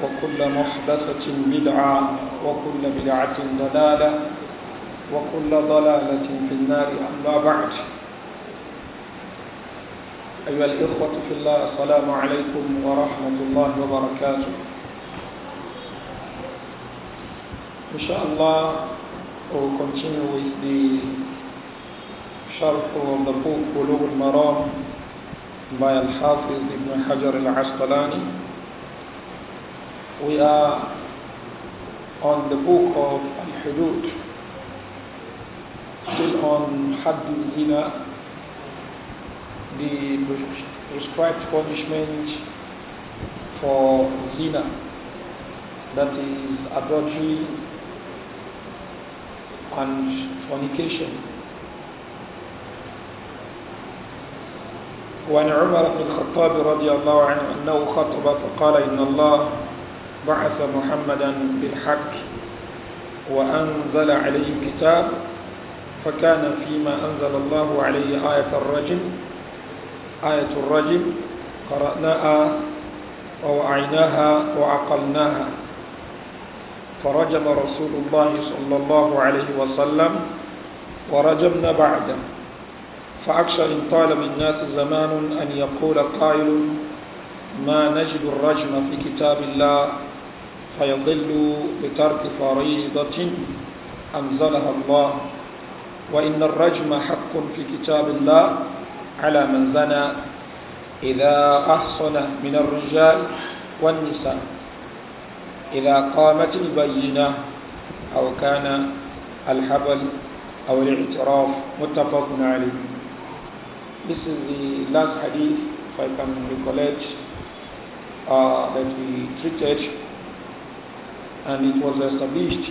وكل محدثة بدعة وكل بدعة ضلالة وكل ضلالة في النار أما بعد أيها الإخوة في الله السلام عليكم ورحمة الله وبركاته إن شاء we we'll continue with the sharp of the book Qulub al-Maram by Al-Hafiz Ibn Hajar al-Asqalani We are on the book of Al-Hudud, still on Hadd zina the prescribed punishment for zina, that is adultery and fornication. وعن عمر بن الخطاب رضي الله عنه أنه خطب فقال إن الله بعث محمدا بالحق وأنزل عليه الكتاب فكان فيما أنزل الله عليه آية الرجم آية الرجم قرأناها ووعيناها وعقلناها فرجم رسول الله صلى الله عليه وسلم ورجمنا بعده فأخشى إن طال الناس زمان أن يقول قائل ما نجد الرجم في كتاب الله فيضل بترك فريضة أنزلها الله وإن الرجم حق في كتاب الله على من زنى إذا أحصن من الرجال والنساء إذا قامت البينة أو كان الحبل أو الاعتراف متفق عليه This is the last hadith, if I can recollect, uh, that we treated and it was established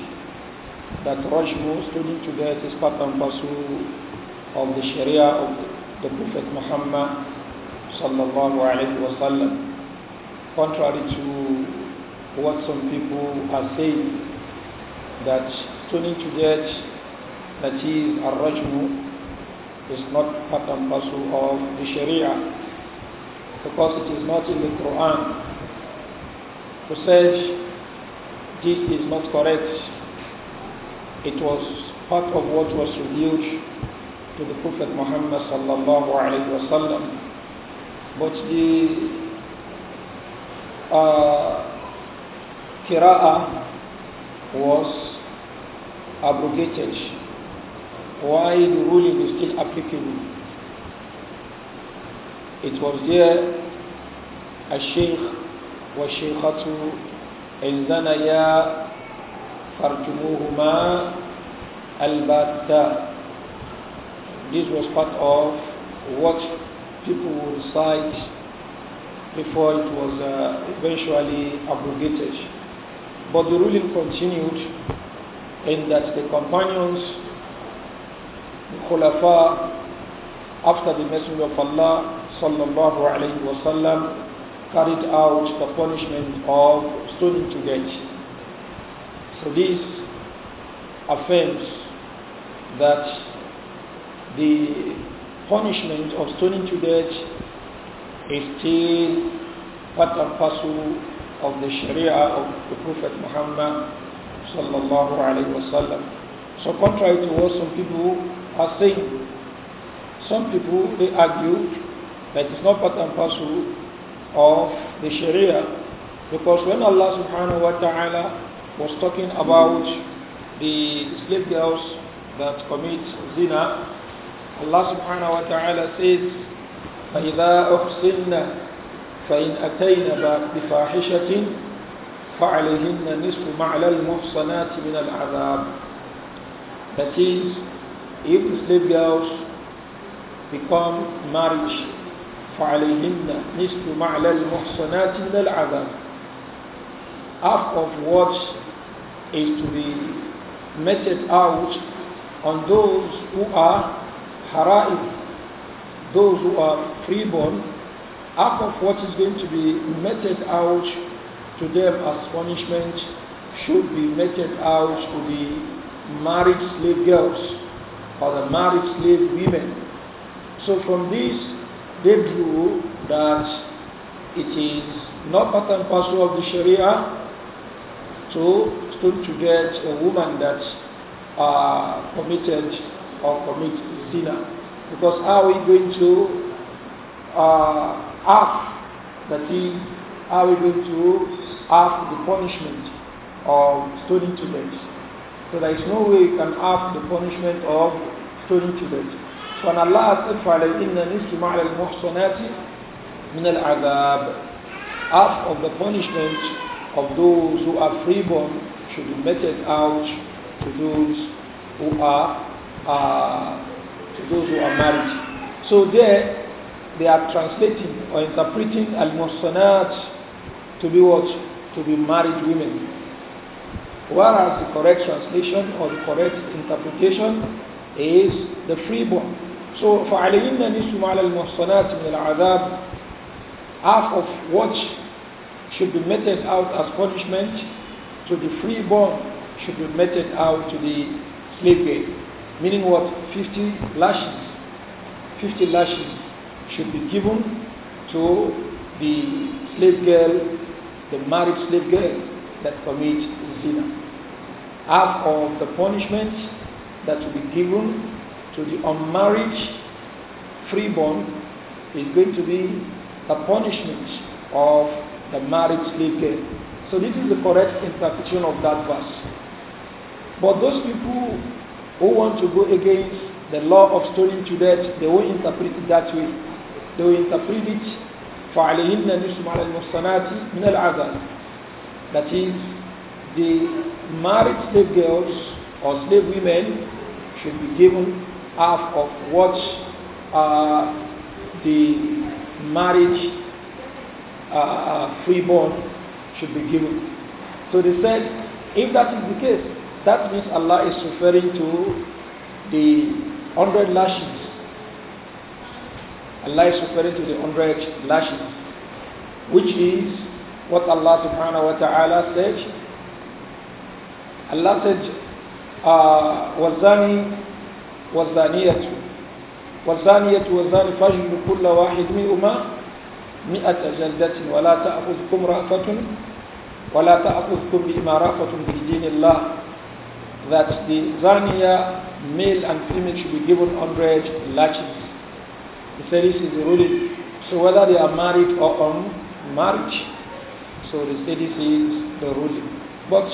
that Rajmu stoning to death is part and parcel of the Sharia of the Prophet Muhammad sallallahu alaihi wasallam. Contrary to what some people are saying, that stoning to death, that a al-rajmu, is not part and parcel of the Sharia, because it is not in the Quran. To say this is not correct. It was part of what was revealed to the Prophet Muhammad sallallahu alaihi wasallam. But the uh, Kira'ah was abrogated. Why the ruling is still applicable? It was there a sheikh was sheikhatu إن زنيا فارجموهما البتة This was part of what people would recite before it was uh, eventually abrogated. But the ruling continued in that the companions, the Khulafa, after the Messenger of Allah sallallahu alayhi wasallam carried out the punishment of stoning to death. So this affirms that the punishment of stoning to death is still part and parcel of the Sharia of the Prophet Muhammad sallallahu alaihi wasallam. So contrary to what some people are saying, some people they argue that it's not part and parcel of the Sharia because when Allah subhanahu wa ta'ala was talking about the slave girls that commit zina, Allah subhanahu wa ta'ala says, فَإِذَا أُحْسِنَّ فَإِنْ أَتَيْنَ بِفَاحِشَةٍ فَعَلَيْهِنَّ نِصْفُ مَعْلَى الْمُحْصَنَاتِ مِنَ الْعَذَابِ That is, if the slave girls become married, فَعَلَيْهِنَّ نِصْفُ مَعْلَى الْمُحْصَنَاتِ مِنَ الْعَذَابِ half of what is to be meted out on those who are hara'ib, those who are freeborn, half of what is going to be meted out to them as punishment should be meted out to the married slave girls or the married slave women. So from this, they drew that it is not part and parcel of the Sharia to stone to death a woman that uh, committed or commit zina. Because how are we going to uh, ask that he, how are we going to ask the punishment of stoning to death? So there is no way you can ask the punishment of stoning to death. فأن الله قد إن نسل مع المحصنات من العذاب half of the punishment of those who are freeborn should be meted out to those who are uh, to those who are married. So there they are translating or interpreting al muhsanat to be what? To be married women. Whereas the correct translation or the correct interpretation is the freeborn. So فَعَلَيْهِنَّ نِسْمُ عَلَى الْمُحْصَنَاتِ مِنَ الْعَذَابِ Half of what should be meted out as punishment to the freeborn should be meted out to the slave girl. Meaning what? 50 lashes. 50 lashes should be given to the slave girl, the married slave girl that commits zina. Half of the punishment that will be given to the unmarried freeborn is going to be a punishment of the married slave girl. So this is the correct interpretation of that verse. But those people who want to go against the law of stoning to death, they will interpret it that way. They will interpret it فَعَلَيْهِنَّ نِسْمَ عَلَى الْمُحْصَنَاتِ مِنَ الْعَذَابِ That is, the married slave girls or slave women should be given half of what uh, the marriage uh, freeborn should be given. So they said, if that is the case, that means Allah is referring to the hundred lashes. Allah is referring to the hundred lashes, which is what Allah subhanahu wa ta'ala said. Allah said, "Wasani, وَالزَّانِي وَالزَّانِيَةُ وَالزَّانِيَةُ وَالزَّانِ فَاجْلُ كُلَّ وَاحِدٍ مِنْهُمَا مئة جلدة ولا تأخذكم رأفة ولا تأخذكم بما رأفة في دين الله that the zaniya male and female should be given 100 lashes. The said is the ruling. So whether they are married or on so the status is the ruling. But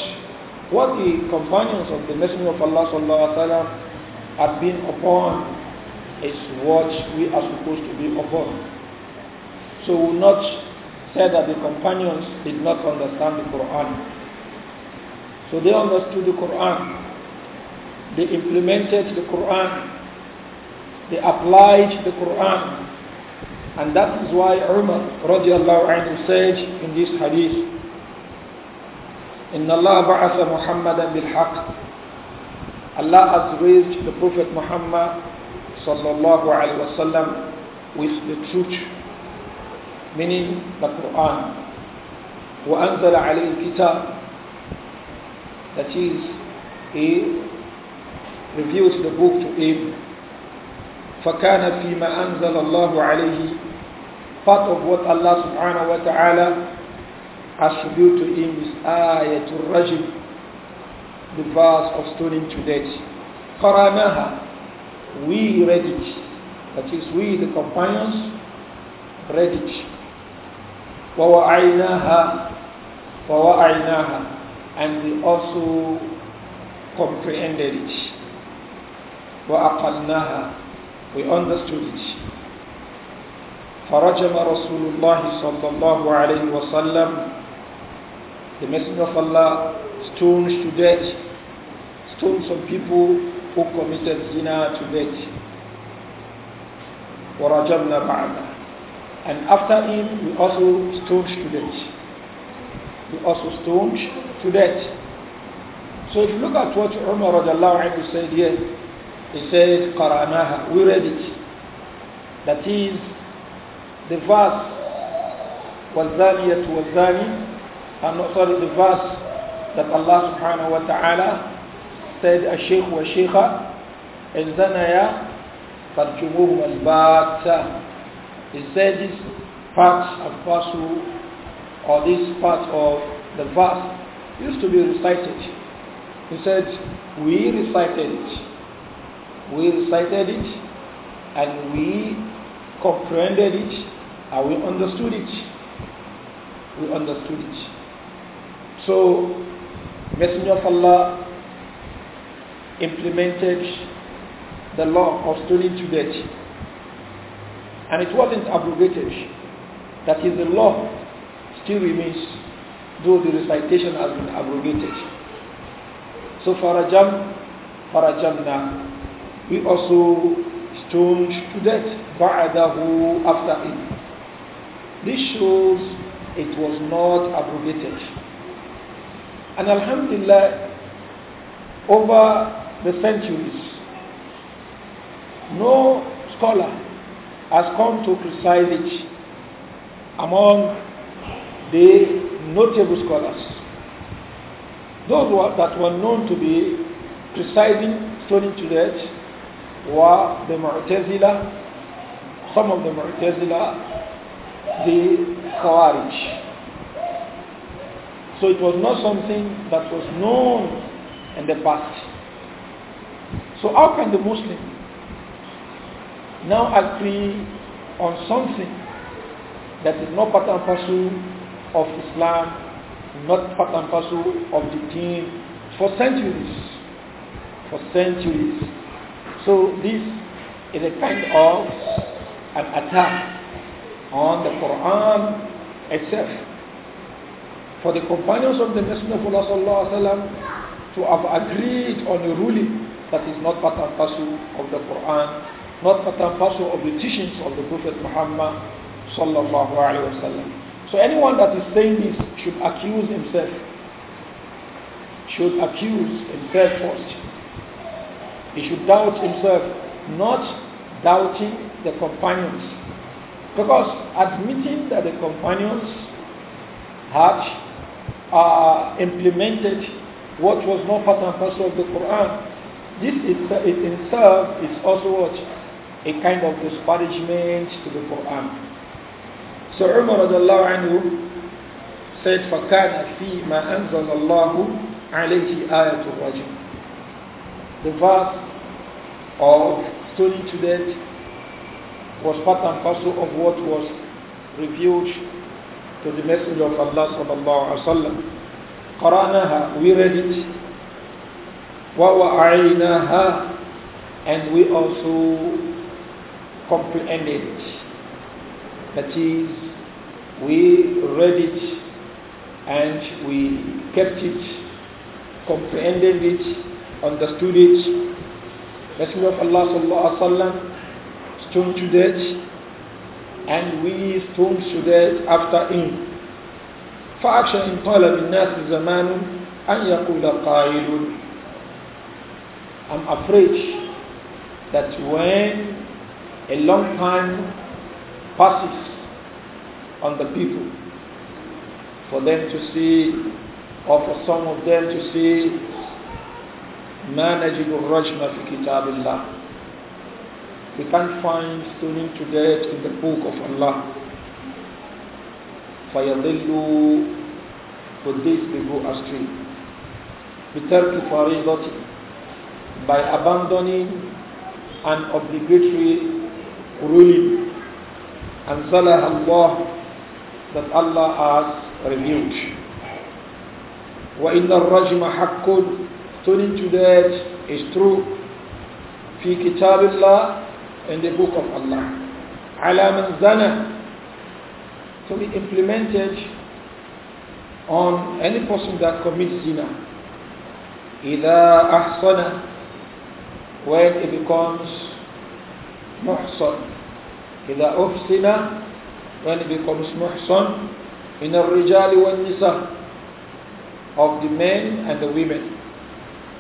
what the companions of the Messenger of Allah sallallahu alaihi wasallam have been upon is what we are supposed to be upon. So we will not say that the companions did not understand the Quran. So they understood the Quran. They implemented the Quran. They applied the Quran. And that is why Umar radiallahu anhu said in this hadith, إن الله بعث محمدا بالحق Allah has raised the Prophet Muhammad sallallahu عليه wasallam with the truth meaning the Quran. وأنزل عليه الكتاب that is he revealed the book to him فكان فيما أنزل الله عليه part of what Allah subhanahu wa ta'ala revealed to him is ayatul rajim the verse of stoning to death قرأناها we read it that is we the companions read it وَوَعَيْنَاهَا وَوَعَيْنَاهَا And we also comprehended it. وَأَقَلْنَاهَا We understood it. فرجم رسول الله صلى الله عليه وسلم The Messenger of Allah stones to death, stones some people who committed zina to death. ورجمنا بعده and after him, we also stoned to death. We also stoned to death. So if you look at what Umar said here, he said, Qara'naha, we read it. That is, the verse, وَالزَّانِيَةُ وَالزَّانِي and sorry, the verse that Allah subhanahu wa ta'ala said, الشيخ والشيخة إن زنيا فارجموهما الباتة he said this part of parcel or this part of the verse used to be recited. He said, we recited it. We recited it and we comprehended it and we understood it. We understood it. So, Messenger of Allah implemented the law of stoning to death and it wasn't abrogated. That is, the law still remains, though the recitation has been abrogated. So Farajam, Farajamna, we also stoned to death Ba'adahu after it. This shows it was not abrogated. And Alhamdulillah, over the centuries, no scholar has come to criticize it among the notable scholars. Those that were known to be presiding stoning to were the Mu'tazila, some of the Mu'tazila, the Khawarij. So it was not something that was known in the past. So how can the Muslim now agree on something that is not part and parcel of Islam, not part and parcel of the deen for centuries. For centuries. So this is a kind of an attack on the Quran itself. For the companions of the Messenger of Allah sallam, to have agreed on a ruling that is not part and parcel of the Quran not part and parcel of the teachings of the Prophet Muhammad sallallahu alaihi wasallam. So anyone that is saying this should accuse himself. Should accuse himself first. He should doubt himself, not doubting the companions. Because admitting that the companions had uh, implemented what was not part and parcel of the Quran, this itself is also what a kind of disparagement to the Quran. So Umar anhu said, فَكَانَ فِي مَا أَنزَلَ اللَّهُ عَلَيْهِ آيَةُ The verse of stoning to death was part and parcel of what was revealed to the Messenger of Allah sallallahu alaihi wasallam. قرأناها we read it ووعيناها and we also comprehended it. That is, we read it and we kept it, comprehended it, understood it. Messenger of Allah sallallahu alaihi wasallam stoned to death, and we stoned to death after him. فأخشى إن طال بالناس زمان أن يقول قائل I'm afraid that when a long time passes on the people for them to see, or for some of them to see, ما نجد الرجم في Kitab Allah. We can't find stoning to death in the book of Allah. فيضل for they go astray. بترك فريضته by abandoning an obligatory ruling. And Salah Allah that Allah has revealed. وَإِنَّ الرَّجْمَ حَقٌّ Turning to that is true. في كتاب الله in the book of Allah. على من زنى to be implemented on any person that commits zina. إذا أحسن when it becomes محصن إذا أحسن when it becomes محصن من الرجال والنساء of the men and the women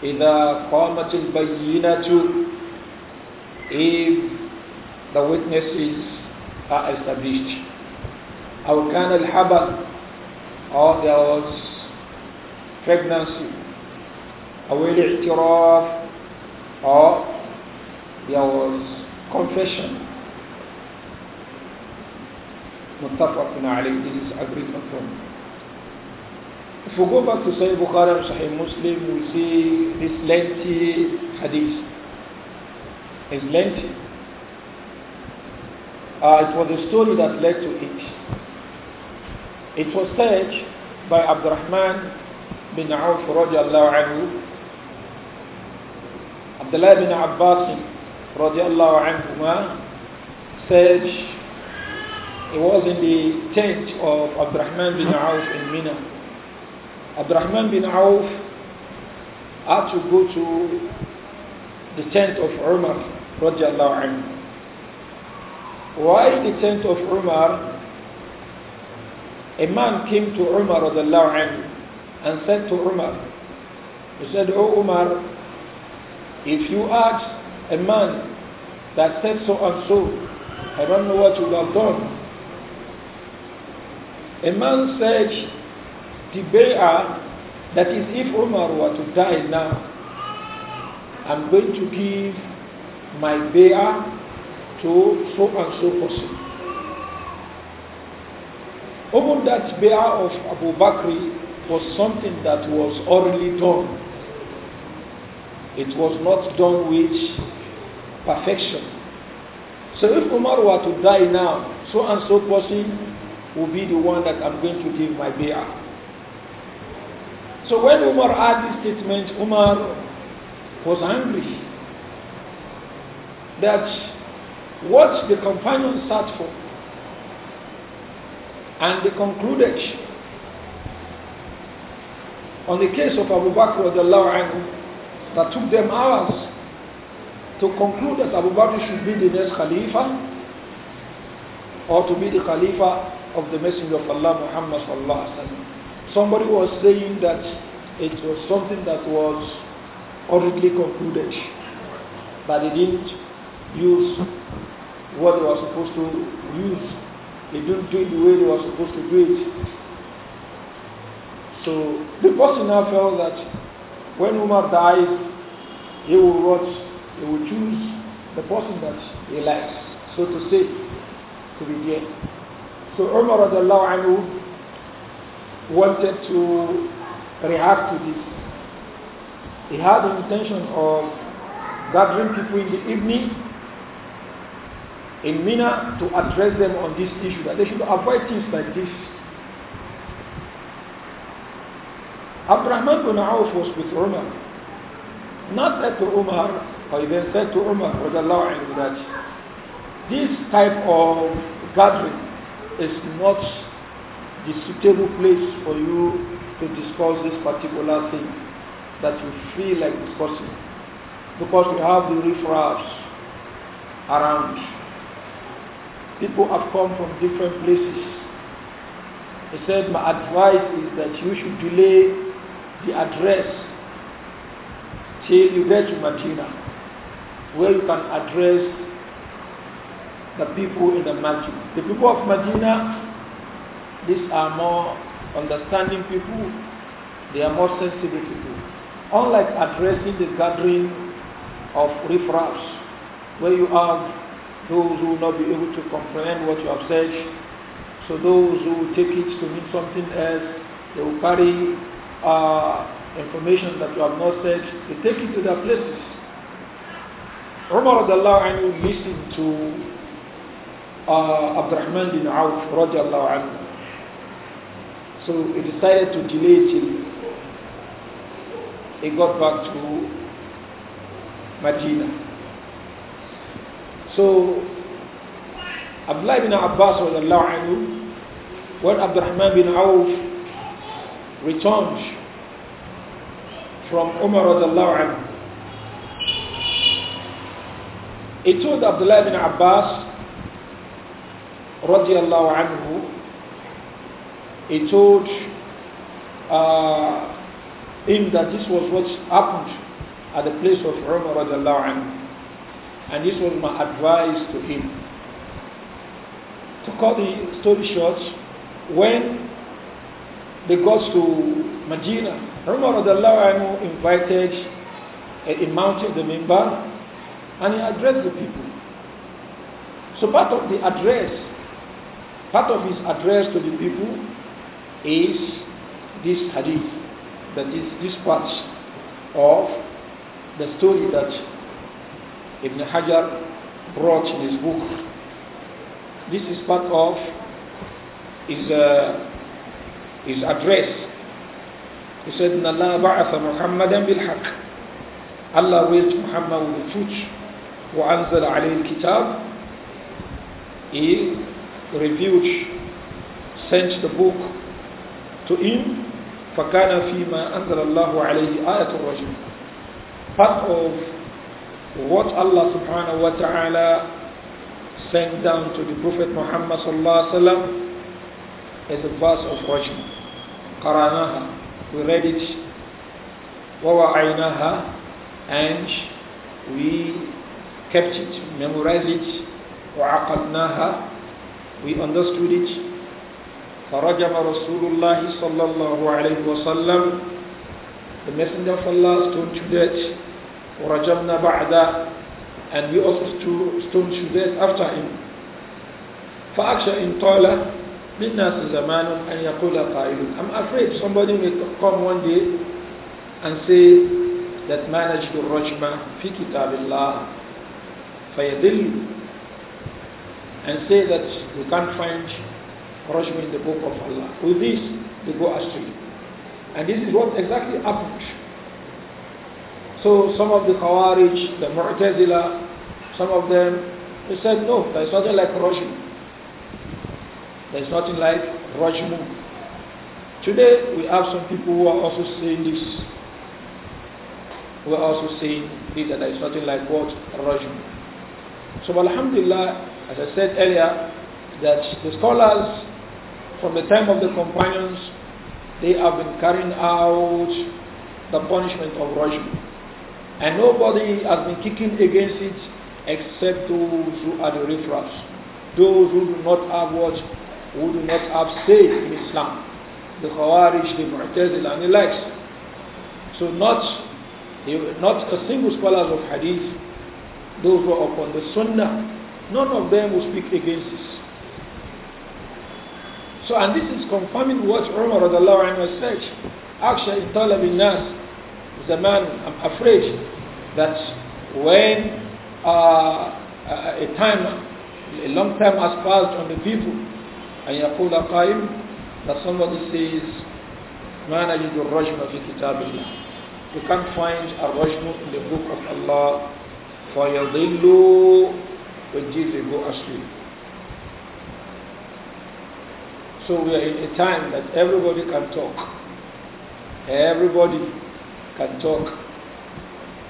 إذا قامت البينة if the witnesses are established أو كان الحبل or there was pregnancy أو الاعتراف or there was confession. Muttafaqun alayh, this is agreed upon. If we go back to Sahih Bukhari and Sahih Muslim, we see this lengthy hadith. It's lengthy. Uh, it was a story that led to it. It was said by Abdurrahman bin Auf radiallahu anhu, Abdullah bin Abbas radiallahu anhuma said he was in the tent of Abdurrahman bin Auf in Mina. Abdurrahman bin Auf had to go to the tent of Umar radiallahu anhu. While the tent of Umar, a man came to Umar radiallahu anhu and said to Umar, he said, "O oh Umar, if you ask a man that said so and so, I don't know what you have done. A man said, the bear, that is if Omar were to die now, I'm going to give my bear to so and so person. Omar, that bear of Abu Bakr was something that was already done it was not done with perfection. So if Umar were to die now, so and so person will be the one that I'm going to give my bayah. So when Umar had this statement, Umar was angry that what the companions sat for and they concluded on the case of Abu Bakr anhu that took them hours to conclude that Abu Bakr should be the next Khalifa or to be the Khalifa of the Messenger of Allah Muhammad sallallahu alaihi wasallam. Somebody was saying that it was something that was already concluded, but they didn't use what they were supposed to use. They didn't do it the way they were supposed to do it. So the person now felt that when Umar dies, he will watch, he will choose the person that he likes, so to say, to be there. So Umar anhu wanted to react to this. He had the intention of gathering people in the evening in Mina to address them on this issue, that they should avoid things like this Abdurrahman bin Auf was with Umar. Not said to Umar, I even said to Umar, that this type of gathering is not the suitable place for you to discuss this particular thing that you feel like discussing. Because we have the riffraffs around. People have come from different places. He said, my advice is that you should delay the address till you get to Medina, where you can address the people in the masjid. The people of Medina, these are more understanding people, they are more sensitive people. Unlike addressing the gathering of riffraffs, where you have those who will not be able to comprehend what you have said, so those who take it to mean something else, they will carry uh, information that you have not said, they take it to their places. Umar anhu listened to uh, Abdurrahman bin Auf radiallahu anhu. So he decided to delay till he got back to Medina. So Abdullah bin Abbas radiallahu anhu, when Abdurrahman bin Auf returned from Umar anhu. He told Abdullah bin Abbas radiallahu anhu, he told uh, him that this was what happened at the place of Umar radiallahu anhu. And this was my advice to him. To cut the story short, when they got to Medina. Umar invited a, a mountain, the Mimbar, and he addressed the people. So part of the address, part of his address to the people is this hadith, that is this part of the story that Ibn Hajar brought in his book. This is part of his uh, his address. He said, Allah ba'atha Muhammadan bil Allah raised Muhammad with the truth. وأنزل عليه الكتاب. He reviewed, sent the book to him. فكان فيما أنزل الله عليه آية الرجيم. Part of what Allah subhanahu wa ta'ala sent down to the Prophet Muhammad sallallahu alaihi wasallam is a verse of Rajm. Qaranaha. We read it. Wawa'aynaha. And we kept it, memorized it. وعقدناها. We understood it. فرجم رسول الله صلى الله عليه وسلم The Messenger of Allah stoned to death ورجمنا بعد and we also stoned to death after him فأكشى إن طال Midnas is a man and I'm afraid somebody may come one day and say that managed to rajma fi kitabillah fayadilu and say that we can't find rajma in the book of Allah. With this, they go astray. And this is what exactly happened. So some of the Khawarij, the Mu'tazila, some of them, they said no, there's nothing like rajma. There's nothing like Rajmu. Today we have some people who are also saying this. Who are also saying this that there's nothing like what? Rajmu. So Alhamdulillah, as I said earlier, that the scholars from the time of the companions, they have been carrying out the punishment of Rajmu. And nobody has been kicking against it except those who are the riffraffs, those who do not have what who do not have say in Islam. The Khawarij, the Mu'tazila and the likes. So not, not a single scholar of Hadith, those who are upon the Sunnah, none of them will speak against this. So and this is confirming what Umar said. Actually, in Talab Nas, the man, I'm afraid that when uh, a time, a long time has passed on the people, أن يقول قائل that somebody says ما نجد الرجم في كتاب الله You can't find a rajm in the book of Allah فيضل when Jesus go astray so we are in a time that everybody can talk everybody can talk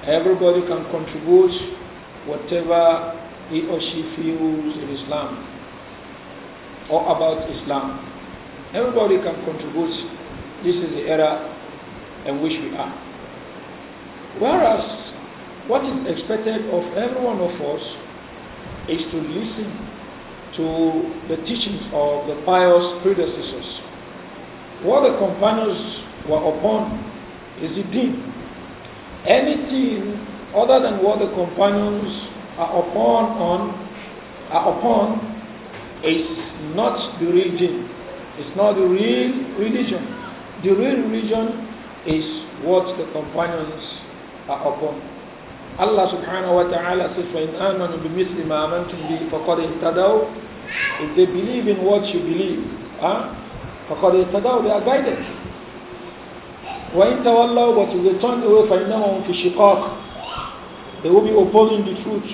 everybody can contribute whatever he or she feels in Islam or about Islam. Everybody can contribute. This is the era in which we are. Whereas, what is expected of every one of us is to listen to the teachings of the pious predecessors. What the companions were upon is the deen. Anything other than what the companions are upon on are upon is not the real It's not the real religion. The real religion is what the companions are upon. Allah subhanahu wa ta'ala says, فَإِنْ آمَنُوا بِمِثْلِ مَا أَمَنْتُمْ بِهِ فَقَدْ اِهْتَدَوْا If they believe in what you believe, huh? فَقَدْ اِهْتَدَوْا They are guided. وَإِنْ تَوَلَّوْا But if they turn away فَإِنَّهُمْ فِي شِقَاقٍ They will be opposing the truth.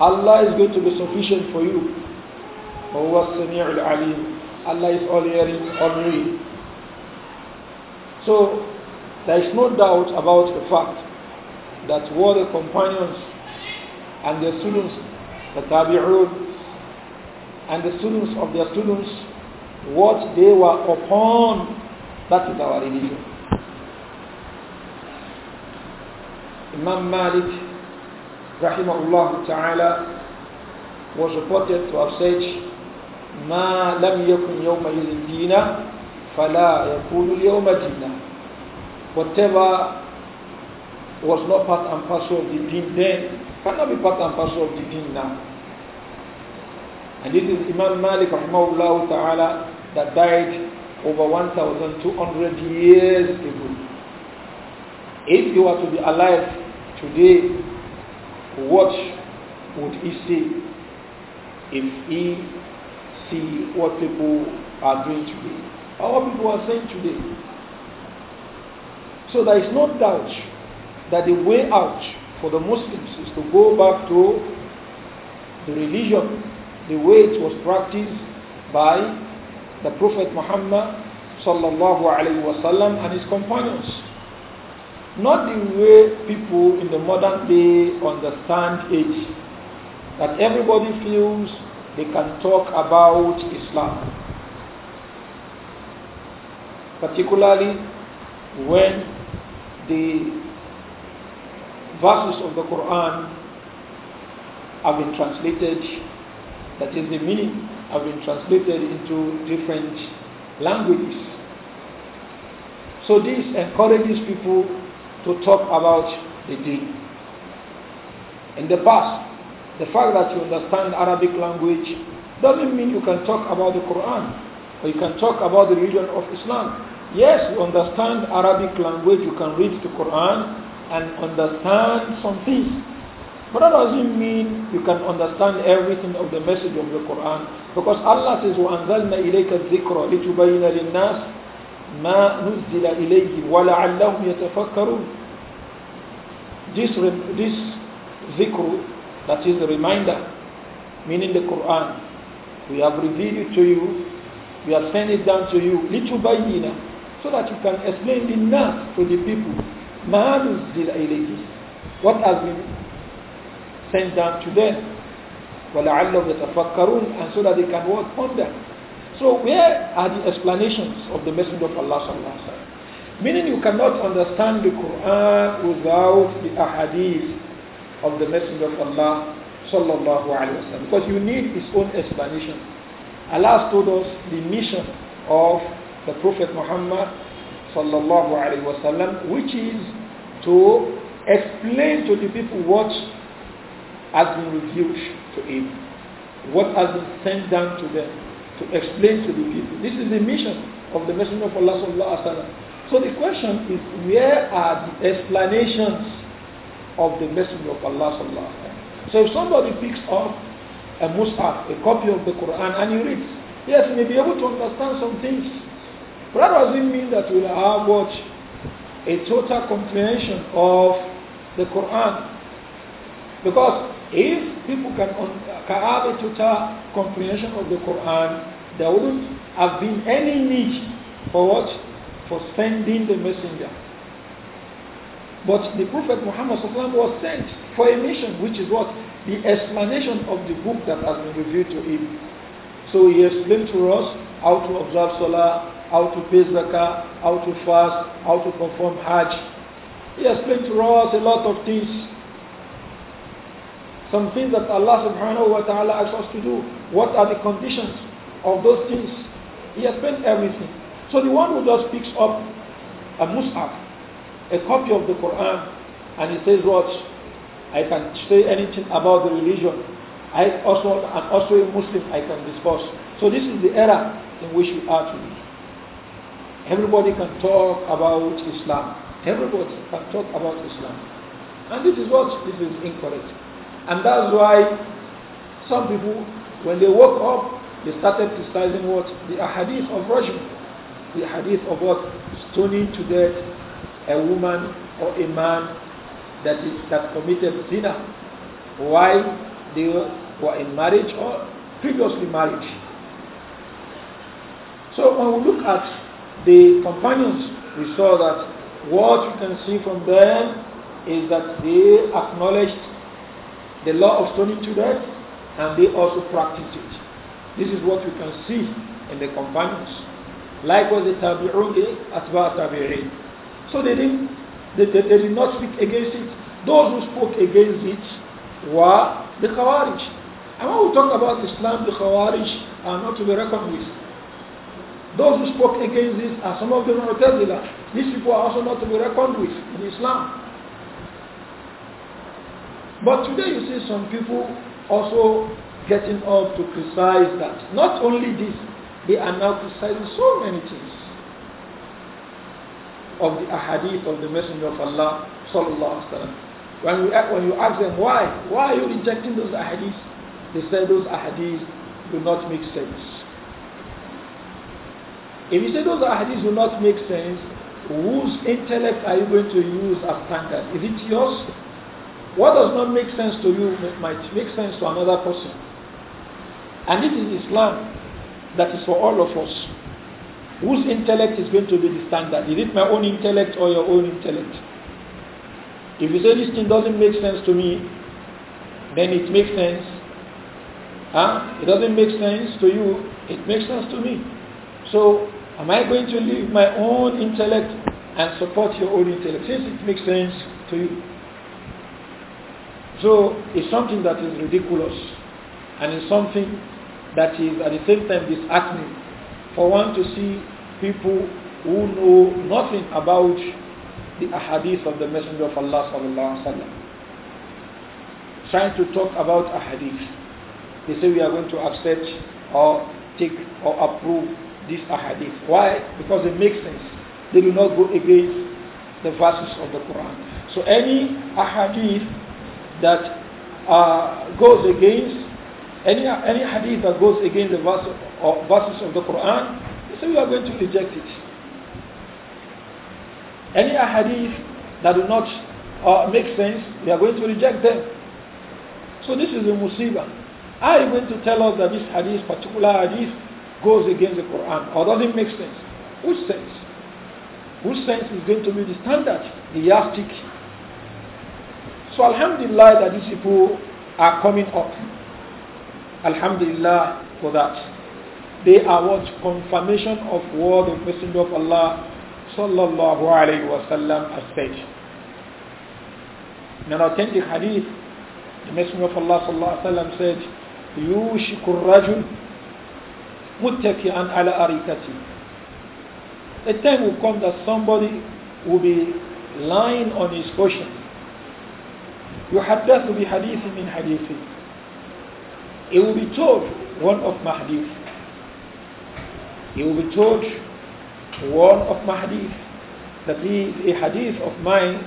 Allah is going to be sufficient for you. Allah is all hearing, all knowing. So there is no doubt about the fact that what the companions and their students, the tabi'un, and the students of their students, what they were upon, that is our religion. Imam Malik rahimahullah ta'ala, was reported to have said, "Ma lam يكن يومئذ دينا fala يكون اليوم دينا Whatever was not part and parcel of the deen then cannot be part and parcel of the deen now. And this is Imam Malik rahimahullah ta'ala that died over 1,200 years ago. If you were to be alive today, what would he say if he see what people are doing today? how what people are saying today? So there is no doubt that the way out for the Muslims is to go back to the religion, the way it was practiced by the Prophet Muhammad sallallahu alaihi wasallam and his companions. Not the way people in the modern day understand it, that everybody feels they can talk about Islam. Particularly when the verses of the Quran have been translated, that is, the meaning have been translated into different languages. So this encourages people to talk about the deen. In the past, the fact that you understand Arabic language doesn't mean you can talk about the Quran or you can talk about the religion of Islam. Yes, you understand Arabic language, you can read the Quran and understand some things. But that doesn't mean you can understand everything of the message of the Quran. Because Allah says, وَأَنزَلْنَا إِلَيْكَ الذِّكْرَ لِتُبَيِّنَ لِلنَّاسِ ما نزل إليهم ولعلهم يتفكرون This, this ذكر that is the reminder, meaning the Quran, we have revealed it to you, we have sent it down to you, little by little, so that you can explain the nas to the people. ما نزل إليهم What has been sent down to them? وَلَعَلَّهُمْ يَتَفَكَّرُونَ And so that they can work on that. So where are the explanations of the Messenger of Allah sallallahu alaihi wasallam? Meaning you cannot understand the Quran without the ahadith of the Messenger of Allah sallallahu alaihi wasallam because you need his own explanation. Allah has told us the mission of the Prophet Muhammad sallallahu alaihi wasallam, which is to explain to the people what has been revealed to him, what has been sent down to them to explain to the people. This is the mission of the Messenger of Allah So the question is, where are the explanations of the Messenger of Allah So if somebody picks up a Mus'haf, a copy of the Quran, and he reads, yes, he may be able to understand some things. But that doesn't mean that we'll have what a total comprehension of the Quran. Because if people can, can have a total comprehension of the Quran, there wouldn't have been any need for what? For sending the messenger. But the Prophet Muhammad was sent for a mission, which is what? The explanation of the book that has been revealed to him. So he explained to us how to observe Salah, how to pay zakah, how to fast, how to perform Hajj. He explained to us a lot of things some things that Allah subhanahu wa ta'ala asks us to do. What are the conditions of those things? He has spent everything. So the one who just picks up a mus'af, a copy of the Quran, and he says, What? I can say anything about the religion. I also am also a Muslim, I can discuss. So this is the era in which we are today. Everybody can talk about Islam. Everybody can talk about Islam. And this is what? This is incorrect. And that's why some people, when they woke up, they started criticizing what? The hadith of Rajm, the hadith of what? Stoning to death a woman or a man that, is, that committed zina. Why? They were in marriage or previously married. So when we look at the companions, we saw that what we can see from them is that they acknowledged the law of stoning to death, and they also practiced it. This is what you can see in the companions. Likewise, the Tabi'un, the Atba Tabi'in. So they, didn't, they, they, they, did not speak against it. Those who spoke against it were the Khawarij. And when we talk about Islam, the Khawarij are not to be reckoned with. Those who spoke against this are some of the Mu'tazila. These people are also not to be reckoned with in Islam. But today you see some people also getting up to criticize that. Not only this, they are now criticizing so many things of the ahadith of the Messenger of Allah sallallahu alaihi wasallam. When you when you ask them why why are you rejecting those ahadith, they say those ahadith do not make sense. If you say those ahadith do not make sense, whose intellect are you going to use as standard? Is it yours what does not make sense to you might make sense to another person. And it is Islam that is for all of us. Whose intellect is going to be the standard? Is it my own intellect or your own intellect? If you say this thing doesn't make sense to me, then it makes sense. Huh? It doesn't make sense to you, it makes sense to me. So am I going to leave my own intellect and support your own intellect? Since it makes sense to you. So it's something that is ridiculous and it's something that is at the same time disheartening for one to see people who know nothing about the ahadith of the Messenger of Allah sallallahu alaihi wasallam, trying to talk about ahadith. They say we are going to accept or take or approve this ahadith. Why? Because it makes sense. They do not go against the verses of the Quran. So any ahadith that uh, goes against any, any hadith that goes against the verse, verses of the Quran, they say we are going to reject it. Any hadith that do not uh, make sense, we are going to reject them. So this is a musibah. Are you going to tell us that this hadith, particular hadith, goes against the Quran or doesn't make sense? Which sense? Which sense is going to be the standard, the yardstick so alhamdulillah that these people are coming up. Alhamdulillah for that. They are what confirmation of what the Messenger of Allah sallallahu alayhi wa sallam has said. In an authentic hadith, the Messenger of Allah sallallahu alayhi wa sallam said, يوشك الرجل متكئا على The a time will come that somebody will be lying on his cushion يحدث بحديث من حديثه It will be told one of my hadith. He will be told one of my hadith. That is, a hadith of mine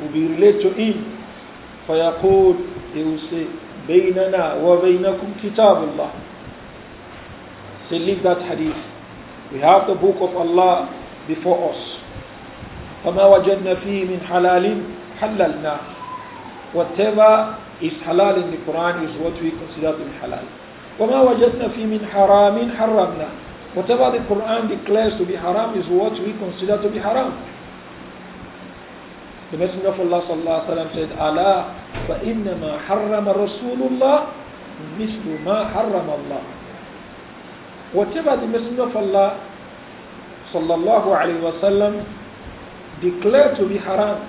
will be related to him. فيقول he will say بيننا وبينكم كتاب الله say leave that hadith we have the book of Allah before us فما وجدنا فيه من حلال حللناه whatever is halal in the Quran is what we consider to be halal. وَمَا وَجَدْنَا فِي مِنْ حَرَامٍ حَرَّمْنَا Whatever the Quran declares to be haram is what we consider to be haram. The Messenger of Allah said, "Allah, فإنما حرم رسول الله مثل ما حرم الله." Whatever the Messenger of Allah sallallahu alaihi wasallam declared to be haram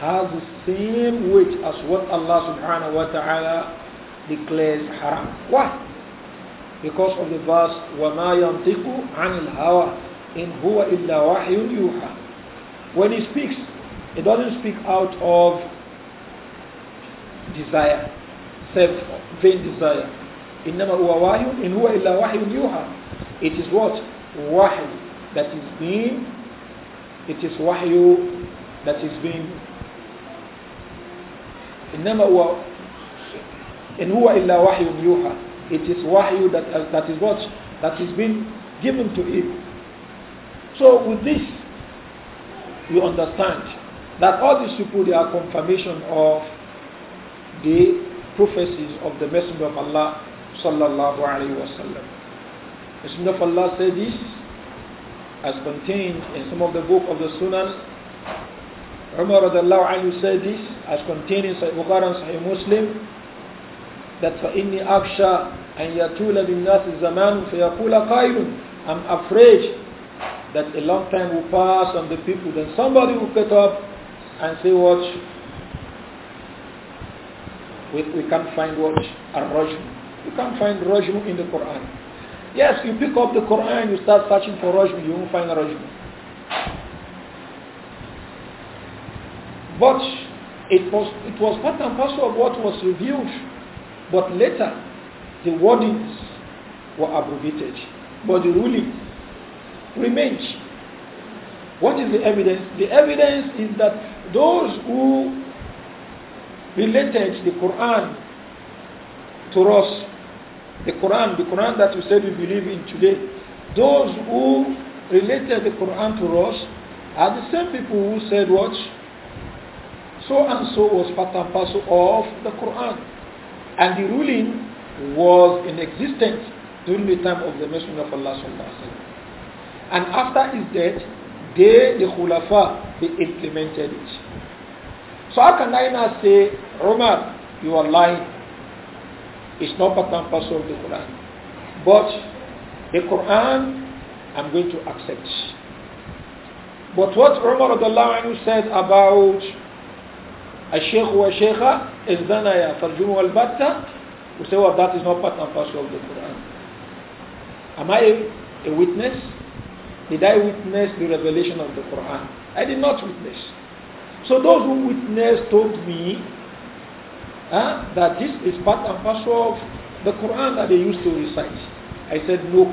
has the same weight as what Allah subhanahu wa ta'ala declares haram. Why? Because of the verse, وَمَا يَنْطِقُ عَنِ الْهَوَىٰ إِنْ هُوَ إِلَّا وَحْيٌ يُوحَىٰ When he speaks, he doesn't speak out of desire, self, vain desire. إِنَّمَا هُوَ وَحْيٌ إِنْ هُوَ إِلَّا وَحْيٌ يُوحَىٰ It is what? wa'hi that is being, it is wahyu that is being إنما هو إن هو إلا وحي يوحى it is wahyu that, uh, that is what that is being given to him so with this you understand that all these people they are confirmation of the prophecies of the messenger of Allah sallallahu alaihi wasallam messenger of Allah said this as contained in some of the book of the sunan Umar anhu said this as containing Sahih Bukhari and Sahih Muslim that فَإِنِّي أَخْشَى أَنْ يَتُولَ zaman زَمَانٌ فَيَقُولَ قَائِلٌ I'm afraid that a long time will pass on the people then somebody will get up and say what we, we can't find what a rajm you can't find rajm in the Quran yes you pick up the Quran you start searching for rajm you won't find rajm but it was, it was part and parcel of what was revealed. But later, the wordings were abrogated. But the ruling remains. What is the evidence? The evidence is that those who related the Quran to us, the Quran, the Quran that we said we believe in today, those who related the Quran to us are the same people who said what? so and so was part and parcel of the Quran. And the ruling was in existence during the time of the Messenger of Allah. And after his death, they, the Khulafa, they implemented it. So how can I now say, Umar, you are lying? It's not part and parcel of the Quran. But the Quran, I'm going to accept. But what Umar said about الشيخ وشيخة الزنايا فارجموا البتة we say well that is not part and parcel of the Quran am I a witness did I witness the revelation of the Quran I did not witness so those who witnessed told me huh, ah, that this is part and parcel of the Quran that they used to recite I said no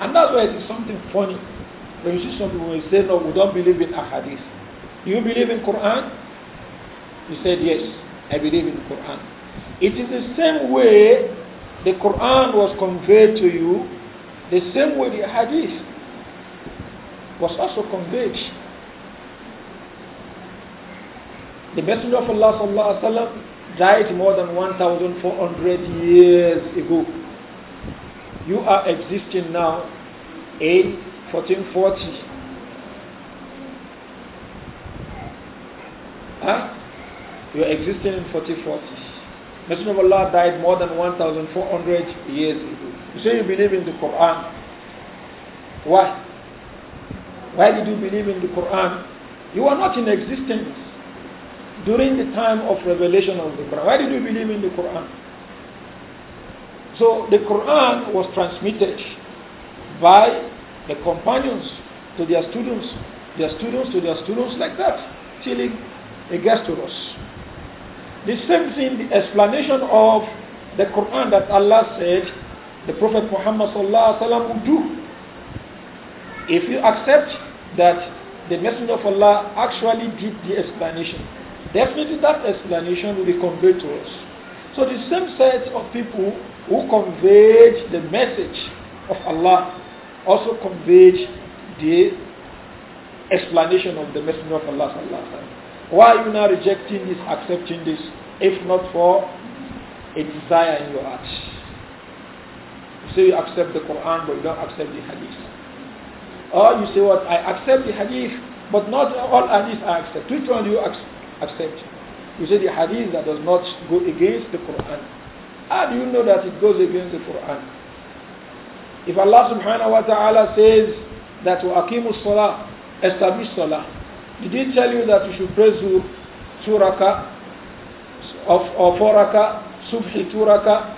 and that's why it is something funny when you see some people say no we don't believe in hadith." you believe in Quran? He said, Yes, I believe in Quran. It is the same way the Quran was conveyed to you, the same way the Hadith was also conveyed. The Messenger of Allah sallallahu alaihi wasallam died more than 1,400 years ago. You are existing now in 1440 Huh? You are existing in 4040. Messenger of Allah died more than 1,400 years ago. You say you believe in the Quran. Why? Why did you believe in the Quran? You were not in existence during the time of revelation of the Quran. Why did you believe in the Quran? So the Quran was transmitted by the companions to their students, their students to their students like that, till it it us. The same thing, the explanation of the Quran that Allah said the Prophet Muhammad would do. If you accept that the Messenger of Allah actually did the explanation, definitely that explanation will be conveyed to us. So the same set of people who conveyed the message of Allah also conveyed the explanation of the Messenger of Allah. Why are you now rejecting this, accepting this, if not for a desire in your heart? You say you accept the Quran, but you don't accept the Hadith. Or you say what? Well, I accept the Hadith, but not all Hadith I accept. Which one do you accept? You say the Hadith that does not go against the Quran. How do you know that it goes against the Quran? If Allah subhanahu wa ta'ala says that وَأَقِيمُوا الصَّلَاةِ establish salah did he tell you that you should pray Zuhr two raka, of, or four raka, Subhi two raka?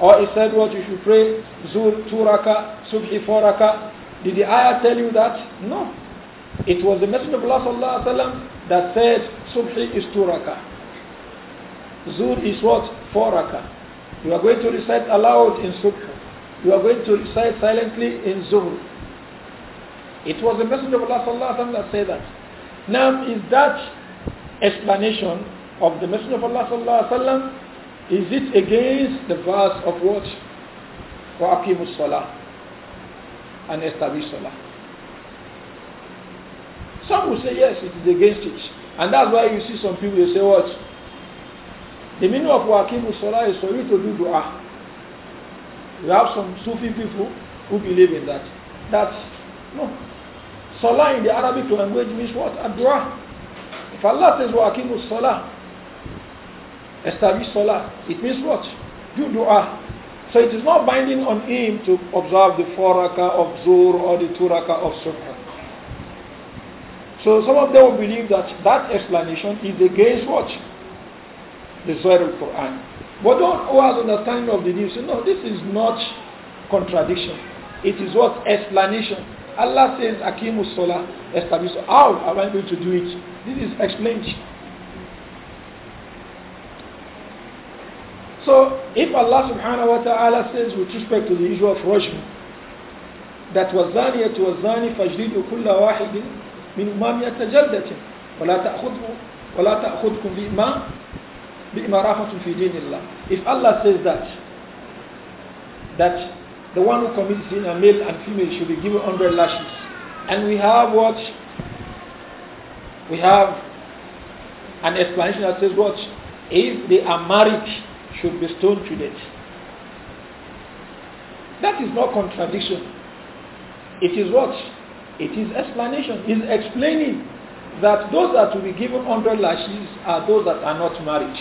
Or he said what you should pray Zuhr two raka, Subhi four raka? Did the ayah tell you that? No. It was the Messenger of Allah وسلم, that said Subhi is two raka. is what? Four raka. You are going to recite aloud in Subhi. You are going to recite silently in Zuhr. It was the Messenger of Allah sallallahu alaihi wasallam that said that. Now, is that explanation of the Messenger of Allah sallallahu alaihi wasallam is it against the verse of what? Wa aqimus salah and establish salah. Some will say yes, it is against it. And that's why you see some people they say what? The meaning of wa aqimus salah is for you to do dua. You have some Sufi people who believe in that. That's no. Salah in the Arabic language means what? Adua. If Allah says, Waqimu Salah, establish Salah, it means what? Do dua. So it is not binding on him to observe the four rakah of Zuhr or the two rakah of Subh. So some of them will believe that that explanation is against what? The Zohar Quran. But those who has understanding of the deal no, this is not contradiction. It is what? Explanation. Allah says, Akimu Salah, establish. How am I going to do it? This is explained. So, if Allah subhanahu wa ta'ala says with respect to the issue of Rajm, that وَالزَّانِيَةُ وَالزَّانِي فَاجْلِدُوا كُلَّ واحد مِنْهُمَا مِئَةَ جَلْدَةٍ وَلَا تَأْخُذْكُمْ وَلَا تَأْخُذْكُمْ بِإِمَا بِإِمَا فِي دِينِ اللَّهِ If Allah says that, that the one who commits sin, a male and female, should be given 100 lashes. And we have what? We have an explanation that says what? If they are married, should be stoned to death. That is not contradiction. It is what? It is explanation. It is explaining that those that will be given 100 lashes are those that are not married.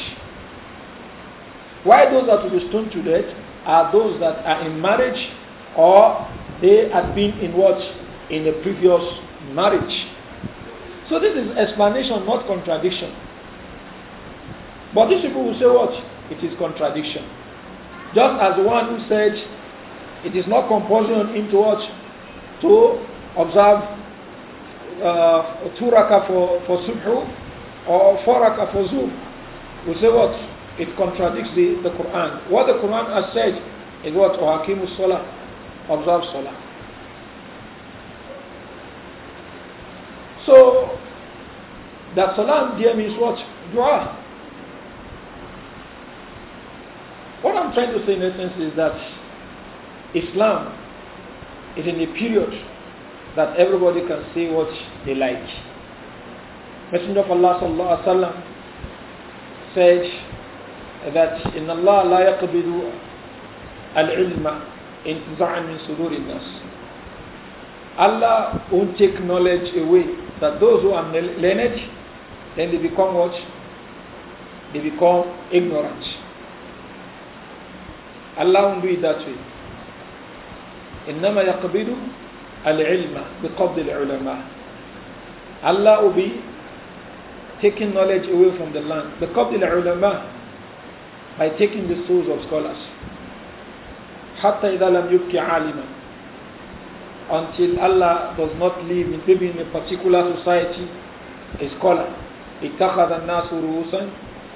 Why those that will be stoned to death? are those that are in marriage or they had been in what? In a previous marriage. So this is explanation, not contradiction. But these people will say what? It is contradiction. Just as one who said it is not compulsory on him to watch, to observe uh, two rakah for, for subhu or four rakah for zuhr, will say what? it contradicts the, the Quran. What the Quran has said is what O Ohakimu Salah, observe Salah. So that salam there means what? Dua. What I'm trying to say in essence is that Islam is in a period that everybody can say what they like. Messenger of Allah sallallahu alaihi wasallam said that إن الله لا يقبل العلم انتزاعا من صدور الناس Allah won't take knowledge away that those who are learned then they become what? They become ignorant. Allah won't do it that way. إنما يقبل العلم بقبض العلماء Allah will be taking knowledge away from the land بقبض العلماء by taking the souls of scholars. حتى إذا لم يبكي عالما until Allah does not leave maybe in a particular society a scholar اتخذ الناس رؤوسا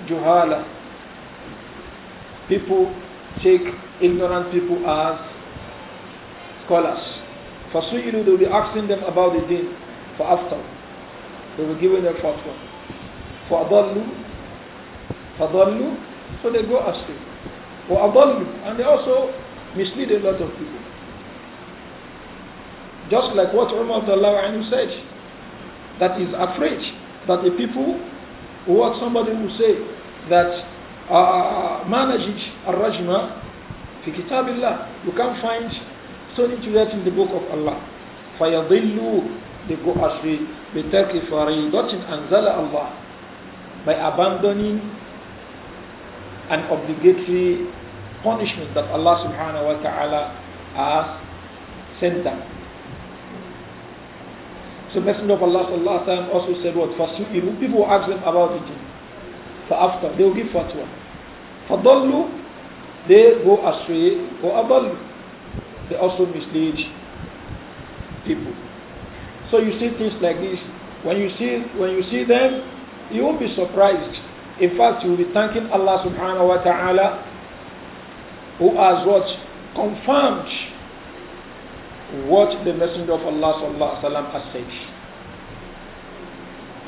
جهالا people take ignorant people as scholars فسئلوا they will be asking them about the deen after they will give them a fatwa فأضلوا فضلوا so they go astray. Or abandon And they also mislead a lot of people. Just like what Umar said, that is afraid that the people, what somebody will say, that uh, manajij al-rajma fi kitabillah, you can't find so to that in the book of Allah. فَيَضِلُّوا They go astray بِتَرْكِ فَرِيدَةٍ anzala Allah By abandoning an obligatory punishment that Allah subhanahu wa ta'ala has sent them. So Messenger of Allah sallallahu alaihi also said what fasu'ilu people will ask them about it for after they will give fatwa. Fadallu they go astray Go adallu they also mislead people. So you see things like this when you see when you see them you won't be surprised in fact, you will be thanking Allah subhanahu wa ta'ala who has what? Confirmed what the Messenger of Allah sallallahu alaihi wasallam has said.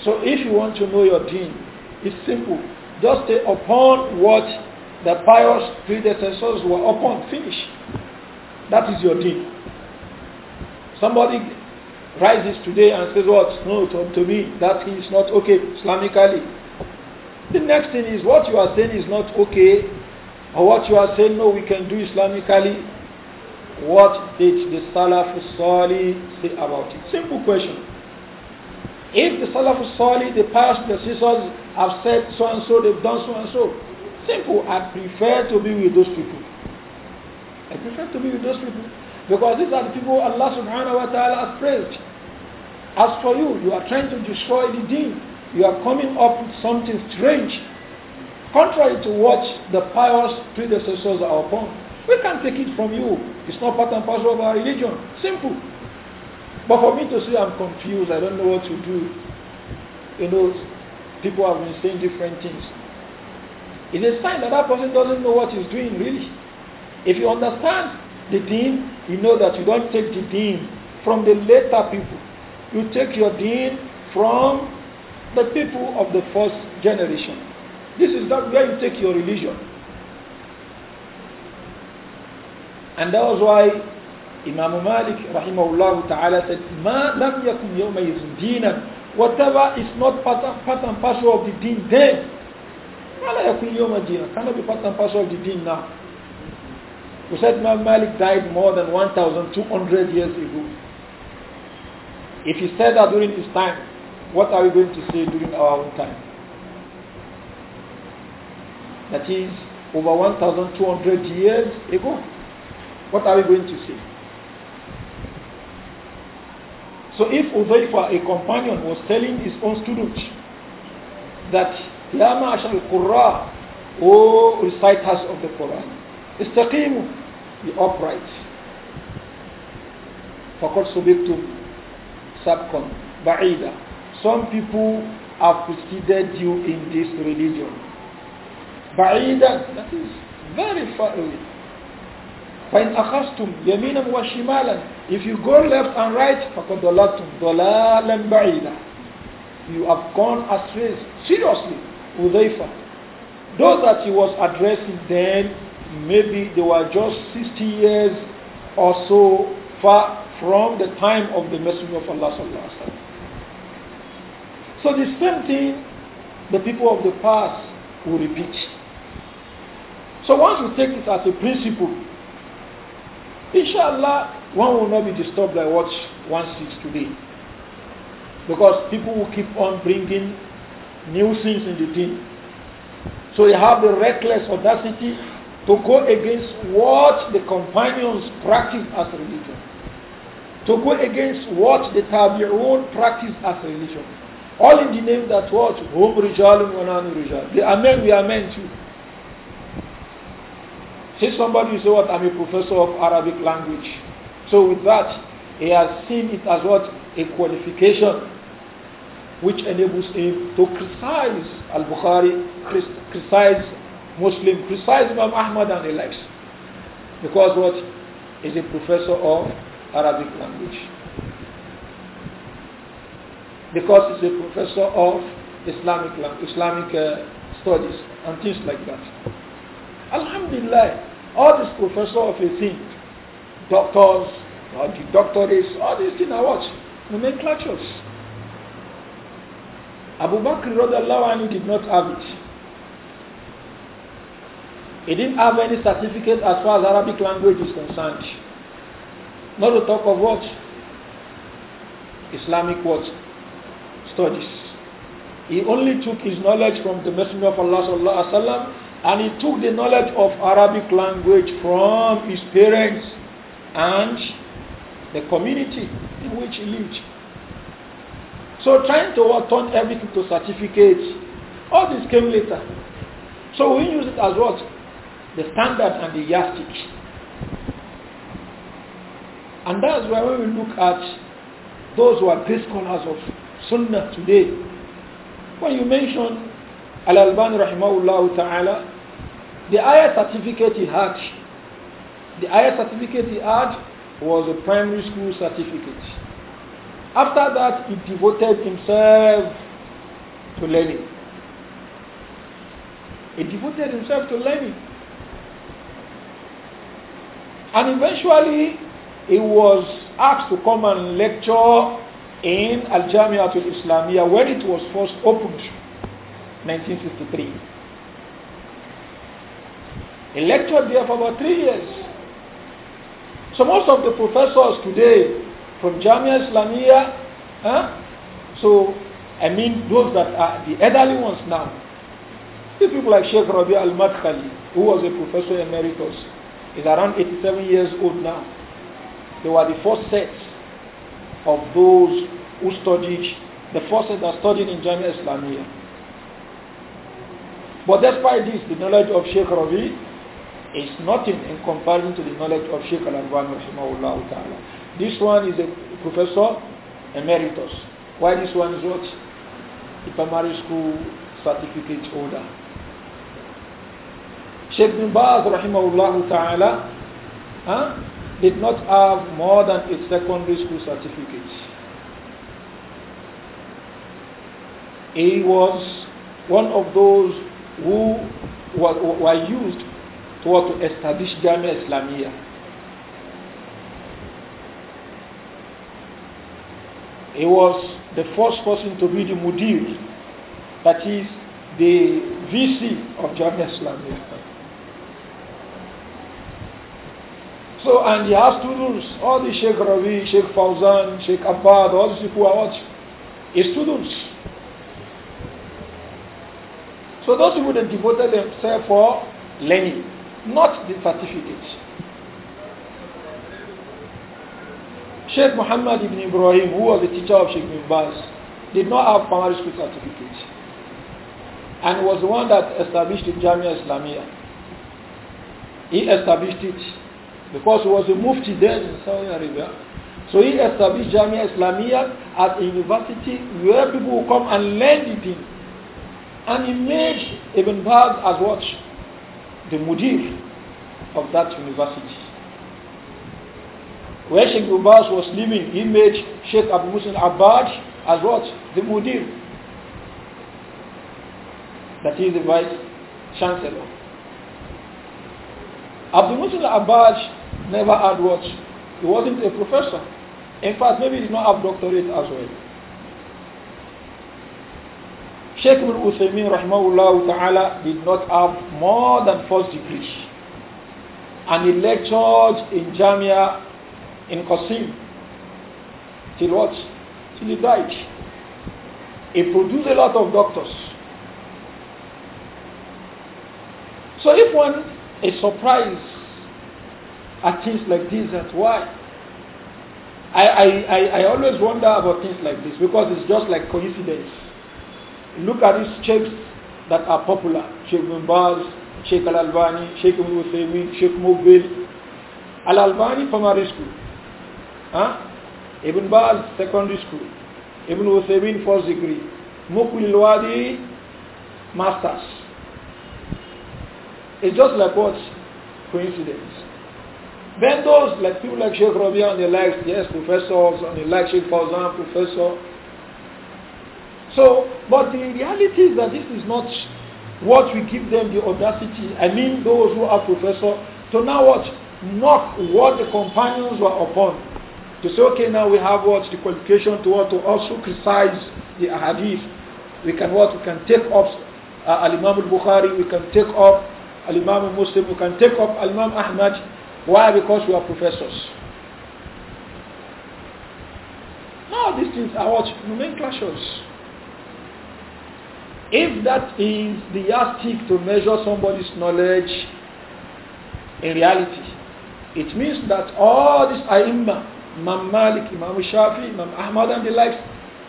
So if you want to know your deen, it's simple. Just stay upon what the pious predecessors were upon. Finish. That is your deen. Somebody rises today and says what? No, to, to me, that is not okay Islamically. The next thing is what you are saying is not okay, or what you are saying, no, we can do Islamically. What did the Salafus Sali say about it? Simple question. If the Salafus Salih, the past predecessors, have said so and so, they've done so and so, simple, I prefer to be with those people. I prefer to be with those people because these are the people Allah subhanahu wa ta'ala has praised. As for you, you are trying to destroy the deen you are coming up with something strange, contrary to what the pious predecessors are upon. We can't take it from you. It's not part and parcel of our religion. Simple. But for me to say I'm confused, I don't know what to do, you know, people have been saying different things. It's a sign that that person doesn't know what he's doing, really. If you understand the dean, you know that you don't take the dean from the later people. You take your dean from the people of the first generation. This is not where you take your religion. And that was why Imam Malik rahimahullah ta'ala said, Ma lam yakun dinan. Whatever is not part, part and parcel of the deen then, Mala yakun Cannot be part and parcel of the deen now. We said Imam Malik died more than 1,200 years ago. If he said that during his time, what are we going to say during our own time? That is over 1,200 years ago. What are we going to say? So if Udhaifa, a companion, was telling his own student that Yama Ashal qurra, O reciters of the Quran, Istaqim, be upright. فَقَدْ سُبِقْتُمْ Sabkon, Ba'ida, some people have preceded you in this religion. Ba'idan, that is very far away. فَإِنْ أَخَذْتُمْ يَمِينًا وَشِمَالًا If you go left and right, فَقَدْ ضَلَلْتُمْ ضَلَالًا بَعِيدًا You have gone astray. Seriously, Udayfa, Those that he was addressing then, maybe they were just 60 years or so far from the time of the Messenger of Allah sallallahu alaihi wasallam. So the same thing the people of the past will repeat. So once we take it as a principle, inshallah, one will not be disturbed by what one sees today. Because people will keep on bringing new things in the team. So they have the reckless audacity to go against what the companions practice as religion. To go against what the Tabi'un practice as religion. All in the name that what? Hum rijalun wa nanu rijal. They Amen, we are men too. Say somebody you say what? I'm a professor of Arabic language. So with that, he has seen it as what? A qualification which enables him to criticize Al-Bukhari, criticize Muslim, criticize Imam Ahmad and the likes. Because what? Is a professor of Arabic language because he's a professor of Islamic Islamic uh, studies and things like that. Alhamdulillah, all these professors of a thing, doctors, uh, the doctorates, all these things are what? clutches. Abu Bakr anhu did not have it. He didn't have any certificate as far as Arabic language is concerned. Not to talk of what? Islamic words studies. He only took his knowledge from the Messenger of Allah sallallahu alaihi wasallam, and he took the knowledge of Arabic language from his parents and the community in which he lived. So trying to turn everything to certificates, all this came later. So we use it as what? The standard and the yardstick. And that's why when we look at those who are great scholars of sunnah today. When you mention Al-Albani rahimahullah ta'ala, the higher certificate he had, the higher certificate he had was a primary school certificate. After that, he devoted himself to learning. He devoted himself to learning. And eventually, he was asked to come and lecture in Al-Jami'atul Islamiyah when it was first opened 1963. He lectured there for about three years. So most of the professors today from Jamia Islamia, huh? so I mean those that are the elderly ones now, the people like Sheikh Rabi al Matkali, who was a professor emeritus, is around 87 years old now. They were the first set of those who studied, the forces that studied in Jamia Islamia. But despite this, the knowledge of Sheikh Ravi is nothing in comparison to the knowledge of Sheikh Al-Albani ta'ala. This one is a professor emeritus. Why this one is what? The primary school certificate holder. Sheikh bin Baz rahimahullah ta'ala huh? did not have more than a secondary school certificate. He was one of those who were, used to, to establish Jamia Islamia. He was the first person to be the mudir, that is, the VC of Jamia Islamia. So, and he has students, all the Sheikh Ravi, Sheikh Fauzan, Sheikh Abbad, all these people are what? His students. So those people that devoted themselves for learning, not the certificate. Sheikh Muhammad ibn Ibrahim, who was the teacher of Sheikh Ibn did not have primary school certificate and was the one that established the Jamia Islamia. He established it because he was a mufti there in Saudi Arabia. So he established Jamia Islamia at a university where people would come and learn the thing. And he made Ibn Baz as what? The mudir of that university. Where Sheikh Ibn Baz was living, he made Sheikh Abu Musa Abad as what? The mudir. That is the vice chancellor. Abdul Musa Abbas never had what? He wasn't a professor. In fact, maybe he did not have doctorate as well. Sheikh Ibn Uthaymeen rahimahullah ta'ala did not have more than first degrees. And he lectured in Jamia in Qasim till what? Till he died. He produced a lot of doctors. So if one is surprised at things like this. That's why. I, I, I, always wonder about things like this because it's just like coincidence. Look at these sheikhs that are popular. Sheikh Bin Baz, Sheikh Al-Albani, Sheikh Ibn Uthaymeen, Sheikh Mubil. Al-Albani, primary school. Huh? Ibn Baz, secondary school. Ibn Uthaymeen, first degree. Mukbil Wadi, masters. It's just like what? Coincidence. Then those like people like Sheikh Rabia and the likes, yes, professors and the likes, Sheikh Fawzan, professor. So, but the reality is that this is not what we give them the audacity. I mean those who are professor to now what? Not what the companions were upon. To say, okay, now we have what? The qualification to what? To also criticize the hadith. We can what? We can take up uh, Al-Imam al-Bukhari, we can take up Al-Imam al-Muslim, we can take up Al-Imam Ahmad, why? Because we are professors. All these things are what? Nomenclatures. If that is the yardstick to measure somebody's knowledge in reality, it means that all these Aimma, Imam Malik, Imam Shafi, Imam Ahmad and the likes,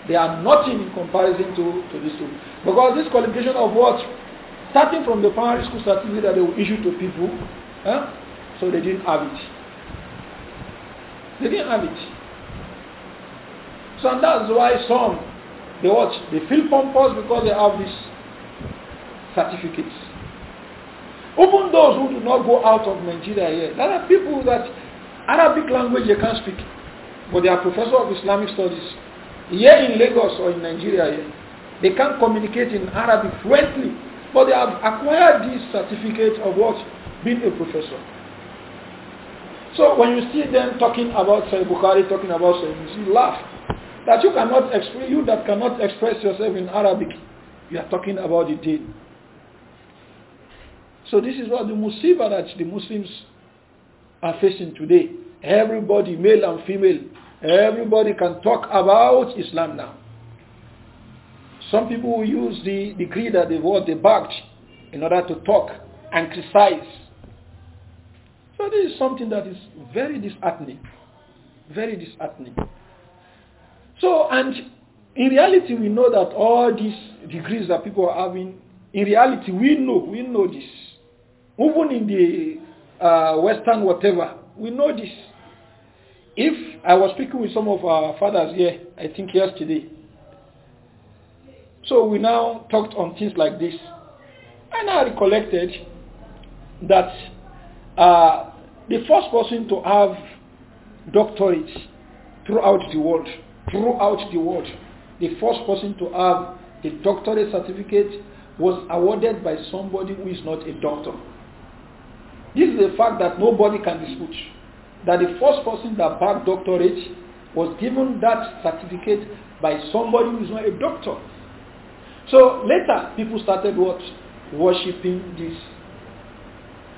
they are nothing in comparison to, to these two. Because this qualification of what? Starting from the primary school certificate that they will issue to people, huh? So they didn't have it. They didn't have it. So and that's why some they watch, they feel pompous because they have these certificates. Even those who do not go out of Nigeria here, there are people that Arabic language they can't speak, but they are professor of Islamic studies. Here in Lagos or in Nigeria here, they can't communicate in Arabic fluently, but they have acquired this certificate of what? Being a professor. So when you see them talking about Sahih Bukhari, talking about Sahih Muslim, you laugh. That you cannot express, you that cannot express yourself in Arabic, you are talking about the deen. So this is what the musibah that the Muslims are facing today. Everybody, male and female, everybody can talk about Islam now. Some people will use the degree that they were, they in order to talk and criticize but this is something that is very disheartening. Very disheartening. So, and in reality, we know that all these degrees that people are having, in reality, we know, we know this. Even in the uh, Western whatever, we know this. If I was speaking with some of our fathers here, I think yesterday, so we now talked on things like this. And I recollected that uh, the first person to have doctorates throughout the world, throughout the world, the first person to have a doctorate certificate was awarded by somebody who is not a doctor. This is a fact that nobody can dispute. That the first person that bagged doctorate was given that certificate by somebody who is not a doctor. So later, people started what? Worshipping these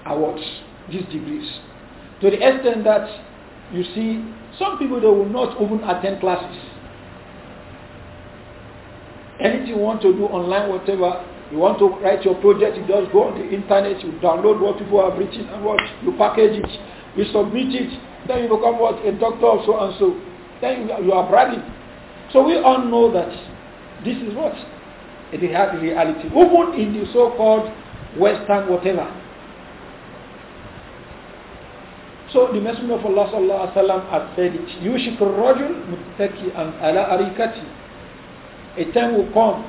awards, these degrees. To the extent that you see some people they will not even attend classes. Anything you want to do online, whatever, you want to write your project, you just go on the internet, you download what people have written and what you package it, you submit it, then you become what a doctor of so and so. Then you, you are bragging. So we all know that this is what the reality. Even in the so-called Western whatever, So the Messenger of Allah sallallahu alaihi wasallam had said it. Yushik rajul muttaki'an ala arikati. A time will come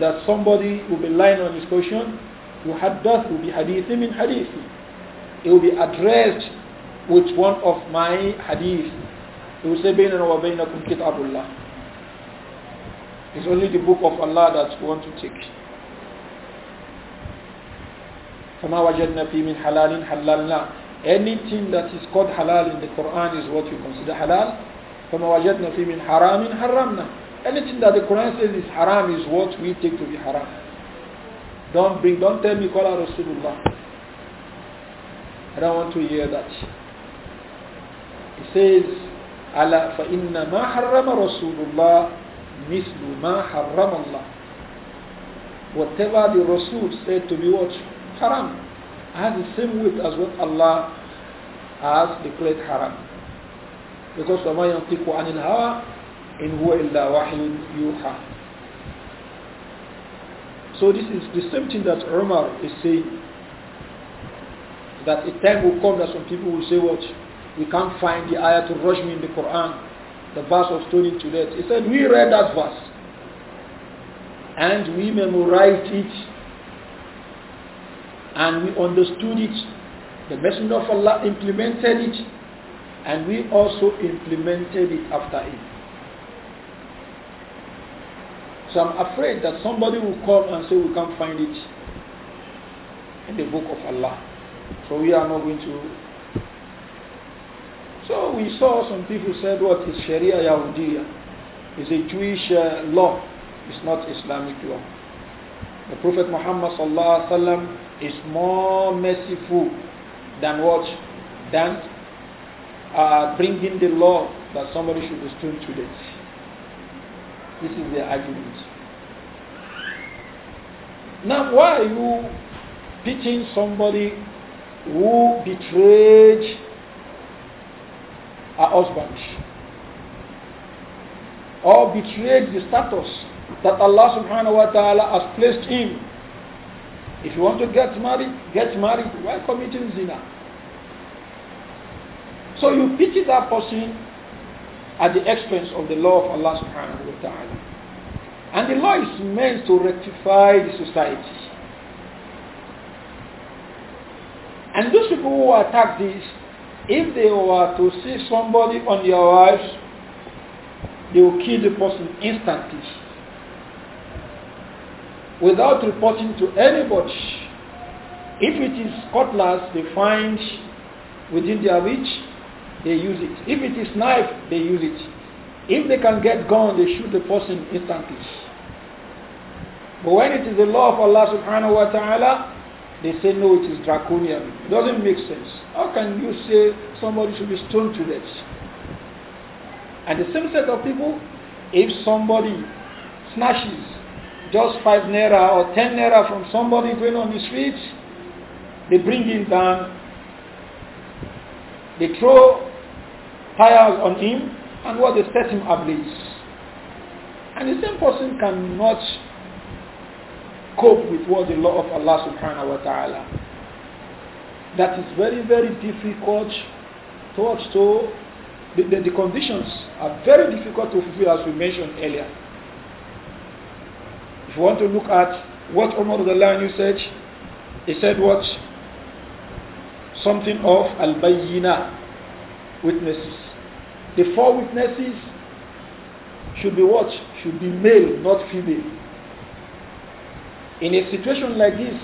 that somebody will be lying on his cushion. will be hadithi min hadithi. It will be addressed with one of my hadith. He will say, Bainana wa bainakum kitabullah. It's only the book of Allah that we want to take. فما وجدنا فيه من حلال حللناه Anything that is called halal in the Quran is what you consider halal. فَمَا وَجَدْنَا فِي مِنْ حَرَامٍ حَرَّمْنَا Anything that the Quran says is haram is what we take to be haram. Don't bring, don't tell me Qala Rasulullah. I don't want to hear that. He says, أَلَا فَإِنَّ مَا حَرَّمَ رَسُولُ اللَّهِ مِثْلُ مَا حَرَّمَ اللَّهِ Whatever the Rasul said to be what? Haram has the same weight as what Allah has declared haram. Because وَمَا يَنْطِقُ عَنِ الْهَوَىٰ إِنْ هُوَ إِلَّا وَحْيٌ يُوحَىٰ So this is the same thing that Umar is saying. That a time will come that some people will say what? We can't find the ayah to me in the Quran. The verse of stoning to death. He said, we read that verse. And we memorized it and we understood it. The Messenger of Allah implemented it and we also implemented it after him. So I'm afraid that somebody will come and say we can't find it in the book of Allah. So we are not going to. So we saw some people said what is Sharia Yahudiya? It's a Jewish uh, law. It's not Islamic law. The Prophet Muhammad sallallahu alaihi wasallam is more merciful than what than uh, bringing the law that somebody should be stoned to death. This is the argument. Now, why are you pitching somebody who betrayed her husband or betrayed the status that Allah subhanahu wa ta'ala has placed him. If you want to get married, get married. Why committing zina? So you pity that person at the expense of the law of Allah subhanahu wa ta'ala. And the law is meant to rectify the society. And those people who attack this, if they were to see somebody on their wives, they will kill the person instantly without reporting to anybody. If it is cutlass they find within their reach, they use it. If it is knife, they use it. If they can get gun, they shoot the person instantly. But when it is the law of Allah subhanahu wa ta'ala, they say no, it is draconian. It doesn't make sense. How can you say somebody should be stoned to death? And the same set of people, if somebody snatches just 5 naira or 10 naira from somebody going on the street, they bring him down, they throw tires on him, and what they set him ablaze. And the same person cannot cope with what the law of Allah subhanahu wa ta'ala. That is very, very difficult to, to the, the, the conditions are very difficult to fulfill as we mentioned earlier. We want to look at what Umar you said, he said what? Something of al-bayyina, witnesses. The four witnesses should be what? Should be male, not female. In a situation like this,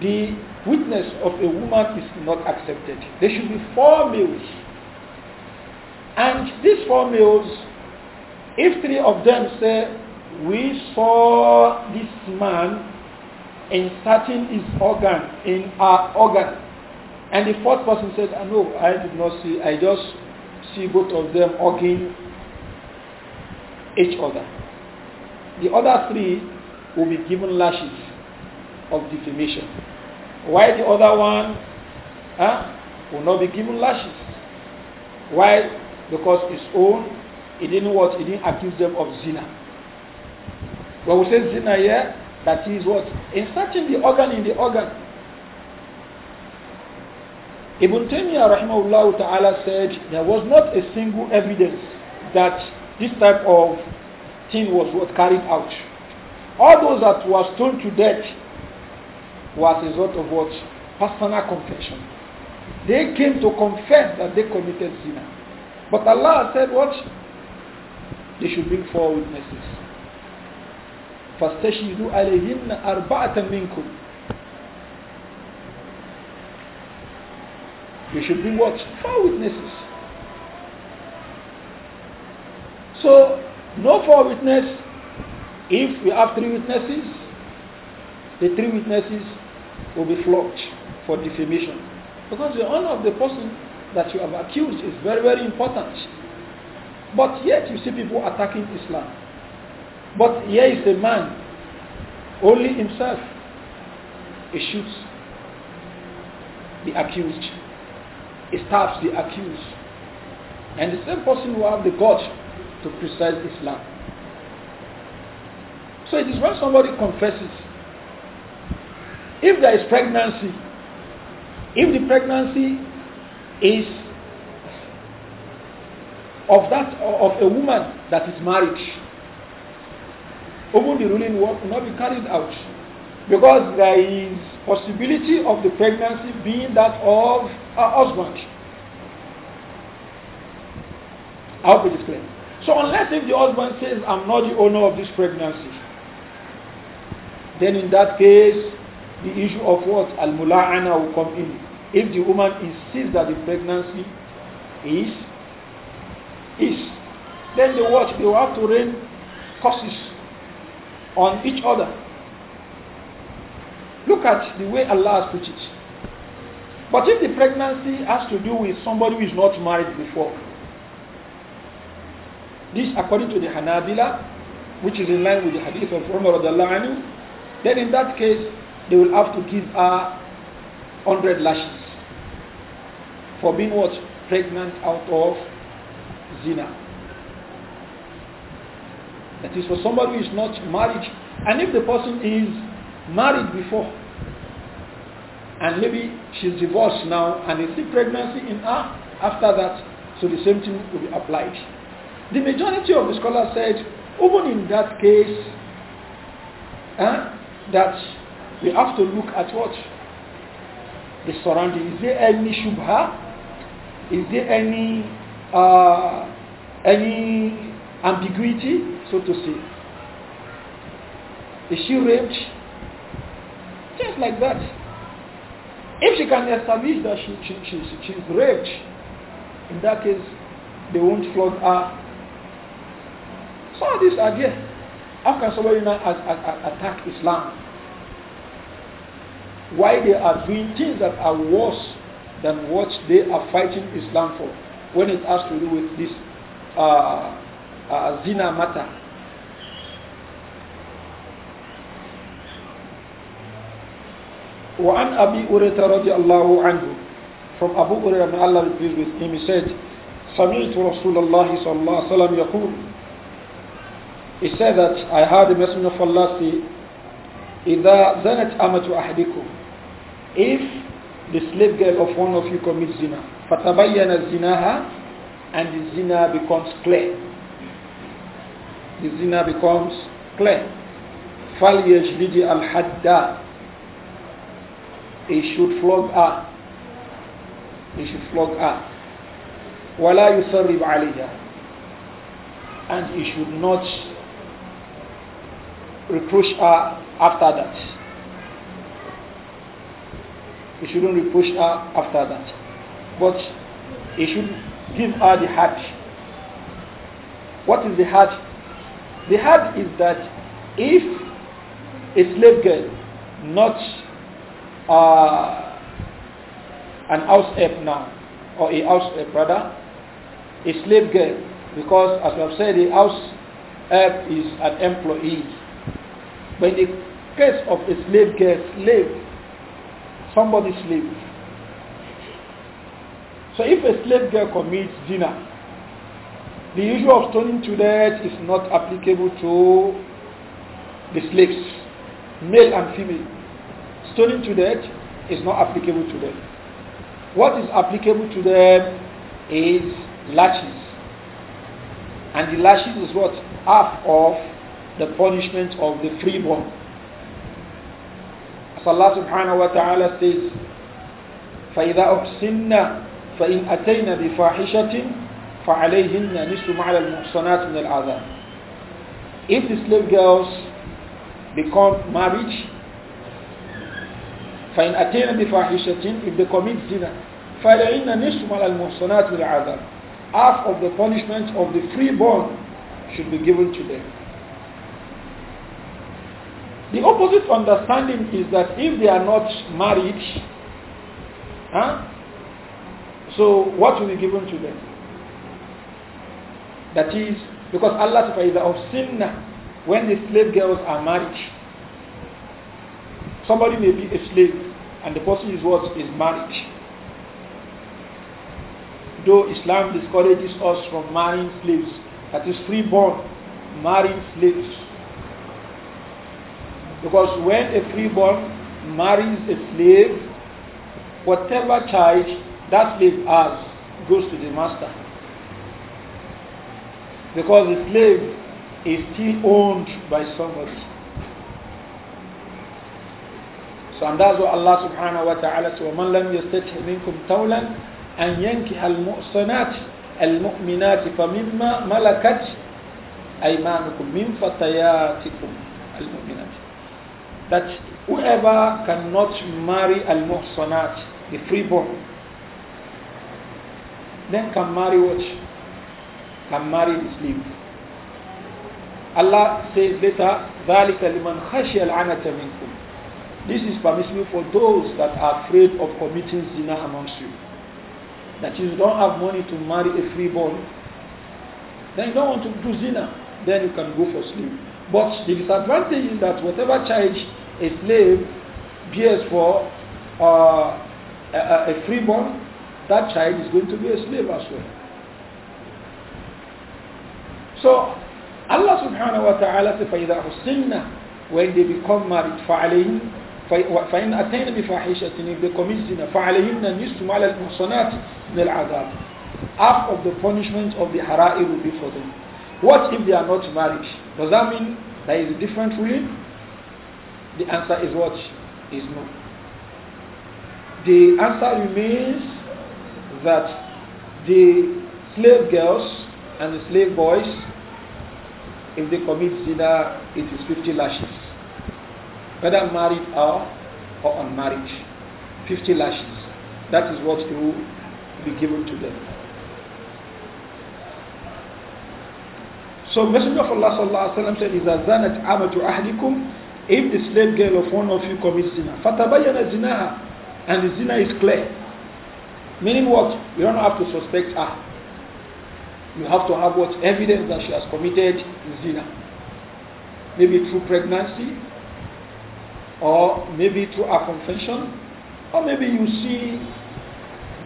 the witness of a woman is not accepted. There should be four males. And these four males, if three of them say we saw this man inserting his organ in our organ. And the fourth person said, oh, no, I did not see. I just see both of them hugging each other. The other three will be given lashes of defamation. Why the other one huh, will not be given lashes? Why? Because his own, he didn't what? He didn't accuse them of zina. But we say zina here, that is what? Inserting the organ in the organ. Ibn Taymiyyah rahimahullah ta'ala said there was not a single evidence that this type of thing was what carried out. All those that were stoned to death was a result of what? Personal confession. They came to confess that they committed zina. But Allah said what? They should bring four witnesses. فاستشهدوا عليهن أربعة منكم You should bring what? Four witnesses. So, no four witnesses. If we have three witnesses, the three witnesses will be flogged for defamation. Because the honor of the person that you have accused is very, very important. But yet you see people attacking Islam. But here is a man, only himself. He shoots the accused. He stabs the accused. And the same person who have the God to criticize Islam. So it is when somebody confesses. If there is pregnancy, if the pregnancy is of that of a woman that is married, even the ruling will not be carried out. Because there is possibility of the pregnancy being that of a husband. I hope it is clear. So unless if the husband says, I'm not the owner of this pregnancy, then in that case, the issue of what? Al-mula'ana will come in. If the woman insists that the pregnancy is, is, then they watch, they will have to rain causes on each other. Look at the way Allah has put it. But if the pregnancy has to do with somebody who is not married before, this according to the Hanabila, which is in line with the hadith of Umar anhu, then in that case, they will have to give her 100 lashes for being what? Pregnant out of zina. That is for somebody who is not married. And if the person is married before, and maybe she's divorced now, and they see pregnancy in her after that, so the same thing will be applied. The majority of the scholars said, even in that case, eh, that we have to look at what? The surrounding. Is there any shubha? Is there any uh, any ambiguity, so to say. Is she raped? Just like that. If she can establish that she, she, she, she, she's raped, in that case, they won't flog her. So this idea, how can somebody now attack Islam? Why they are doing things that are worse than what they are fighting Islam for when it has to do with this uh, a zina mata wa an abi urayta radiyallahu anhu from abu urayta may allah be with him he said "Sami' sami'tu rasulullah sallallahu alaihi wasallam yaqul he said that i heard the messenger of allah say idha zanat amatu ahadikum if the slave girl of one of you commits zina fatabayyana zinaha and the zina becomes clear the zina becomes clear. al الْحَدَّ He should flog her. He should flog her. وَلَا يُسَرِّبْ عَلَيْهَا And he should not reproach her after that. He shouldn't reproach her after that. But he should give her the hajj. What is the hajj? They had is that if a slave girl, not uh, an house help now, or a house help rather, a slave girl, because as we have said, a house help is an employee. But in the case of a slave girl, slave, somebody slave. So if a slave girl commits dinner, the issue of stoning to death is not applicable to the slaves, male and female. Stoning to death is not applicable to them. What is applicable to them is lashes. And the lashes is what? Half of the punishment of the freeborn. As Allah subhanahu wa ta'ala says, فَإِذَا أُحْسِنَّ فَإِنْ أَتَيْنَا بِفَاحِشَةٍ فعليهن نصف ما على المحصنات من العذاب if the slave girls become married فإن أتينا بفاحشة if they commit sin. فعليهن نصف ما على المحصنات من العذاب half of the punishment of the freeborn should be given to them the opposite understanding is that if they are not married huh, so what will be given to them that is, because Allah is of sinna when the slave girls are married. Somebody may be a slave and the person is what is married. Though Islam discourages us from marrying slaves, that is freeborn, marrying slaves. Because when a freeborn marries a slave, whatever child that slave has goes to the master. Because the slave is still owned by somebody. So and that's what Allah subhanahu wa ta'ala said, وَمَنْ لَمْ يَسْتَجْهِ مِنْكُمْ تَوْلًا أَنْ يَنْكِحَ الْمُؤْصَنَاتِ الْمُؤْمِنَاتِ فَمِمَّا مَلَكَتْ أَيْمَانُكُمْ مِنْ فَتَيَاتِكُمْ الْمُؤْمِنَاتِ That whoever cannot marry al-muhsanat, the freeborn, then can marry what? and marry the slave. Allah says later, ذَلِكَ لِمَنْ خَشِيَ الْعَنَةَ مِنْكُمْ This is permissible for those that are afraid of committing zina amongst you. That you don't have money to marry a freeborn, then you don't want to do zina, then you can go for slave. But the disadvantage is that whatever charge a slave bears for uh, a, a freeborn, that child is going to be a slave as well. So Allah subhanahu wa ta'ala says, فَإِذَا When they become married, فَعَلَيْهِمْ فإن أَتَيْنَ بفاحشة if they commit sin فعليهن نصف على من العذاب half of the punishment of the hara'i will be for them what if they are not married does that mean there is a different ruling the answer is what is no the answer remains that the slave girls and the slave boys if they commit zina, it is 50 lashes. Whether married or, or unmarried, 50 lashes. That is what will be given to them. So Messenger of Allah sallallahu alaihi wasallam said, zanat amatu Ahlikum." if the slave girl of one of you commits zina, fatabayana zinaha, and the zina is clear, meaning what? You don't have to suspect her you have to have what evidence that she has committed zina. Maybe through pregnancy, or maybe through a confession, or maybe you see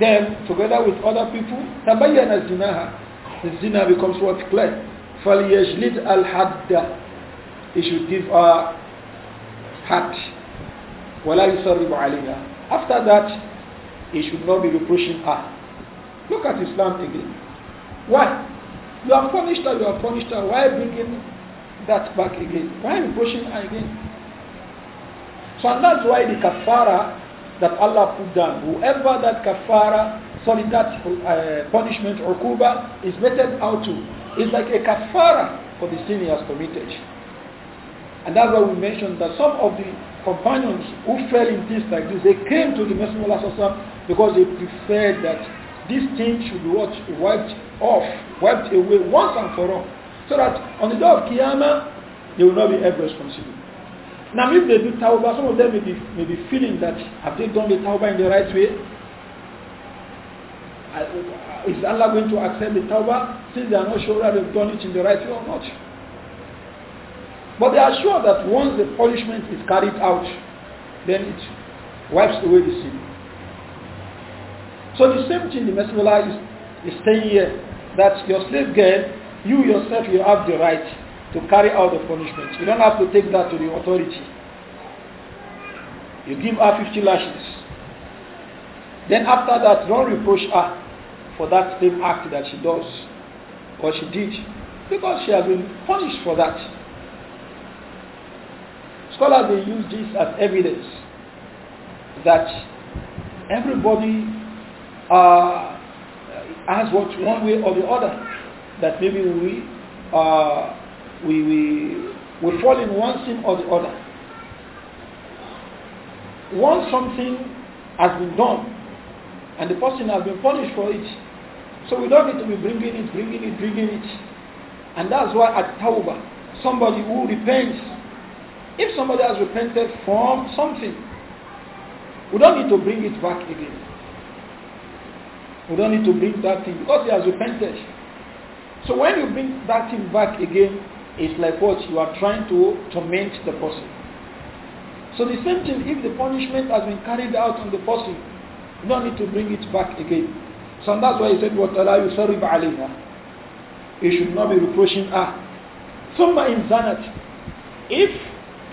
them together with other people. Tabayyana zinaha. The zina becomes what clear. al الْحَدَّ He should give a hat. وَلَا يُصَرِّبُ عَلَيْهَا After that, he should not be reproaching her. Look at Islam again. Why? You have punished her, you have punished her. Why bringing that back again? Why reproaching her again? So and that's why the kafara that Allah put down, whoever that kafara, sorry, that uh, punishment or kuba is meted out to, is like a kafara for the sin he has committed. And that's why we mentioned that some of the companions who fell in things like this, they came to the Messenger of Allah because they preferred that this thing should be what? Wiped off, wiped away once and for all. So that on the day of Qiyamah, they will not be ever responsible. Now if they do tawbah, some of them may be, may be feeling that have they done the tawbah in the right way? Uh, is Allah going to accept the tawbah since they are not sure that they've done it in the right way or not? But they are sure that once the punishment is carried out, then it wipes away the sin. So the same thing the Messenger is, is saying here that your slave girl, you yourself, you have the right to carry out the punishment. You don't have to take that to the authority. You give her 50 lashes. Then after that, don't reproach her for that same act that she does or she did because she has been punished for that. Scholars they use this as evidence that everybody uh, as what one way or the other that maybe we uh, we, we we fall in one sin or the other. Once something has been done and the person has been punished for it, so we don't need to be bringing it, bringing it, bringing it. And that's why at Tauba, somebody who repents, if somebody has repented from something, we don't need to bring it back again. We don't need to bring that thing because he has repented. So when you bring that thing back again, it's like what? You are trying to torment the person. So the same thing, if the punishment has been carried out on the person, you don't need to bring it back again. So that's why he said, وَتَلَا يُسَرِّبْ عَلَيْهَا You should not be reproaching her. ثُمَّ in زَنَتْ If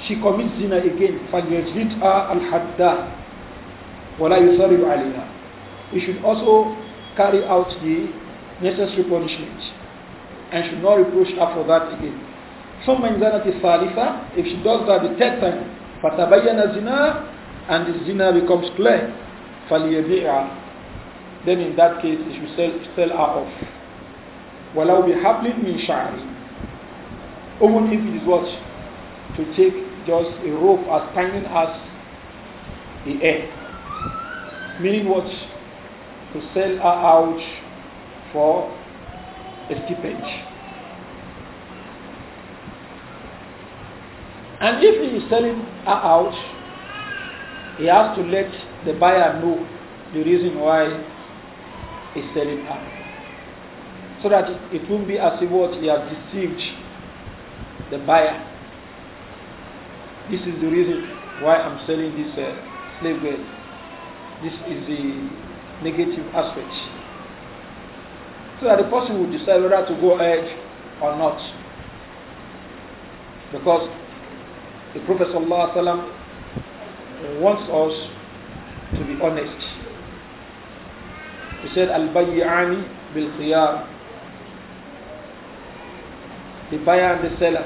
she commits zina again, فَلْيَجْلِدْهَا الْحَدَّةِ وَلَا يُسَرِّبْ عَلَيْهَا You should also carry out the necessary punishment and should not reproach her for that again. ثم إن زنت الثالثة if she does that the third time فتبين الزنا and the zina becomes clear فليبيعها then in that case she should sell, sell her off ولو بحبل من شعر even if it is what to take just a rope as tiny as the air meaning what to sell her out for a stipend. And if he is selling her out, he has to let the buyer know the reason why he's selling her. So that it, won't be as if what he has deceived the buyer. This is the reason why I'm selling this uh, slave girl. This is the negative aspect. So that the person will decide whether to go ahead or not. Because the Prophet ﷺ wants us to be honest. He said, al bayyani bil-khiyar. The buyer and the seller,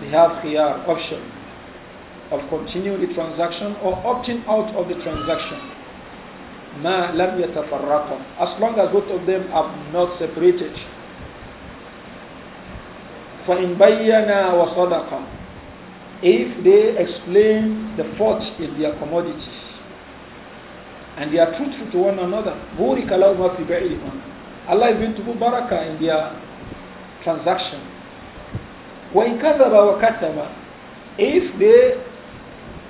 they have khiyar option of continuing the transaction or opting out of the transaction. ما لم يتفرقا as long as both of them are not separated فإن بينا وصدقا if they explain the fault in their commodities and they are truthful to one another بورك لهما في بعيدهم Allah is going to put baraka in their transaction وإن كذب وكتب if they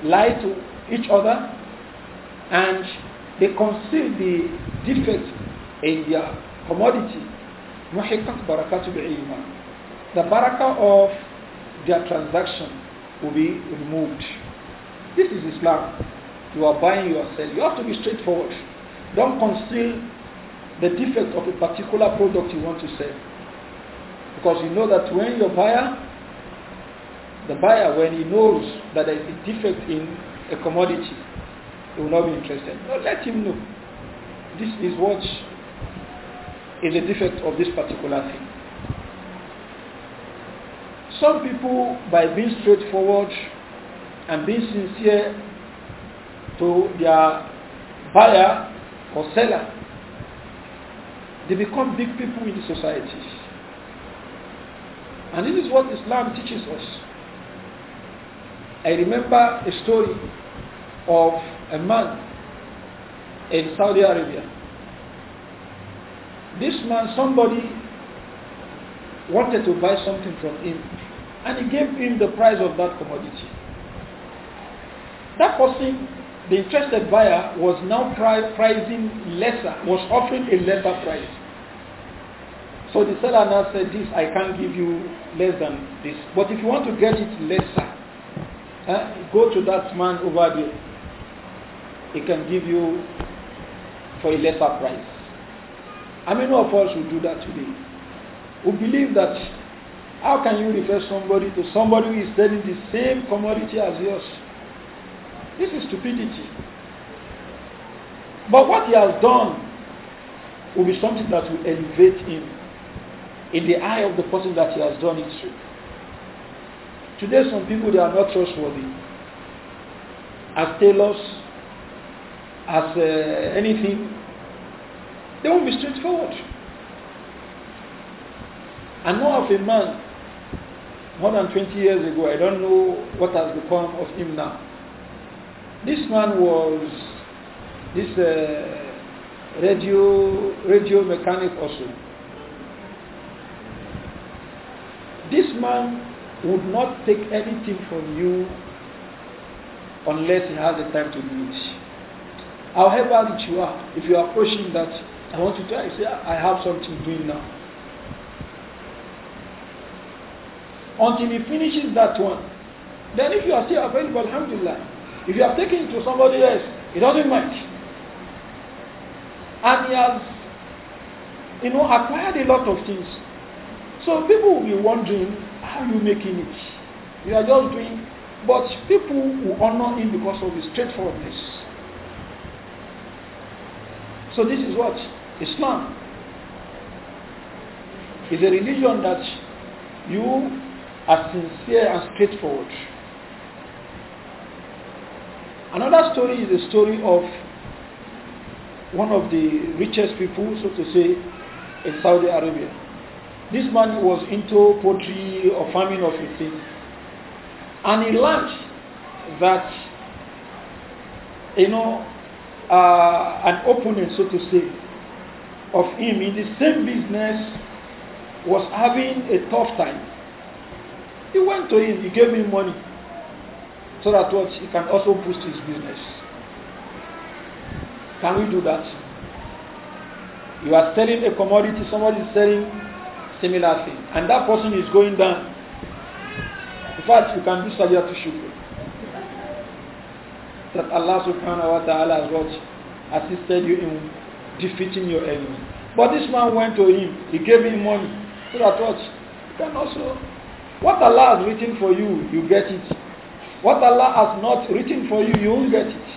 lie to each other and they conceal the defect in their commodity. The barakah of their transaction will be removed. This is Islam. You are buying yourself. You have to be straightforward. Don't conceal the defect of a particular product you want to sell. Because you know that when your buyer, the buyer, when he knows that there is a defect in a commodity, he will not be interested. No, let him know. This is what is a defect of this particular thing. Some people, by being straightforward and being sincere to their buyer or seller, they become big people in the society. And this is what Islam teaches us. I remember a story of a man in Saudi Arabia. This man, somebody wanted to buy something from him and he gave him the price of that commodity. That person, the interested buyer, was now pricing lesser, was offering a lesser price. So the seller now said, this I can't give you less than this. But if you want to get it lesser, eh, go to that man over there he can give you for a lesser price. How many of us will do that today? We believe that how can you refer somebody to somebody who is selling the same commodity as yours? This is stupidity. But what he has done will be something that will elevate him in the eye of the person that he has done it to. Today, some people they are not trustworthy. As tailors, as uh, anything, they won't be straightforward. I know of a man more than 20 years ago, I don't know what has become of him now. This man was this uh, radio, radio mechanic also. This man would not take anything from you unless he has the time to do it. However rich you are, if you are pushing that, I want to try, say, I have something doing now. Until he finishes that one, then if you are still available, alhamdulillah. If you have taken it to somebody else, it doesn't matter. And he has, you know, acquired a lot of things. So people will be wondering, how you making it? You are just doing, but people will honor him because of his straightforwardness. So this is what? Islam is a religion that you are sincere and straightforward. Another story is the story of one of the richest people, so to say, in Saudi Arabia. This man was into poultry or farming of a And he learned that, you know, uh, an opponent, so to say, of him in the same business was having a tough time. He went to him, he gave him money so that what he can also boost his business. Can we do that? You are selling a commodity, somebody is selling similar thing, and that person is going down. In fact, you can do Sajia to Shukri that Allah subhanahu wa ta'ala has what? Assisted you in defeating your enemy. But this man went to him, he gave him money. So that what? You can also, what Allah has written for you, you get it. What Allah has not written for you, you won't get it.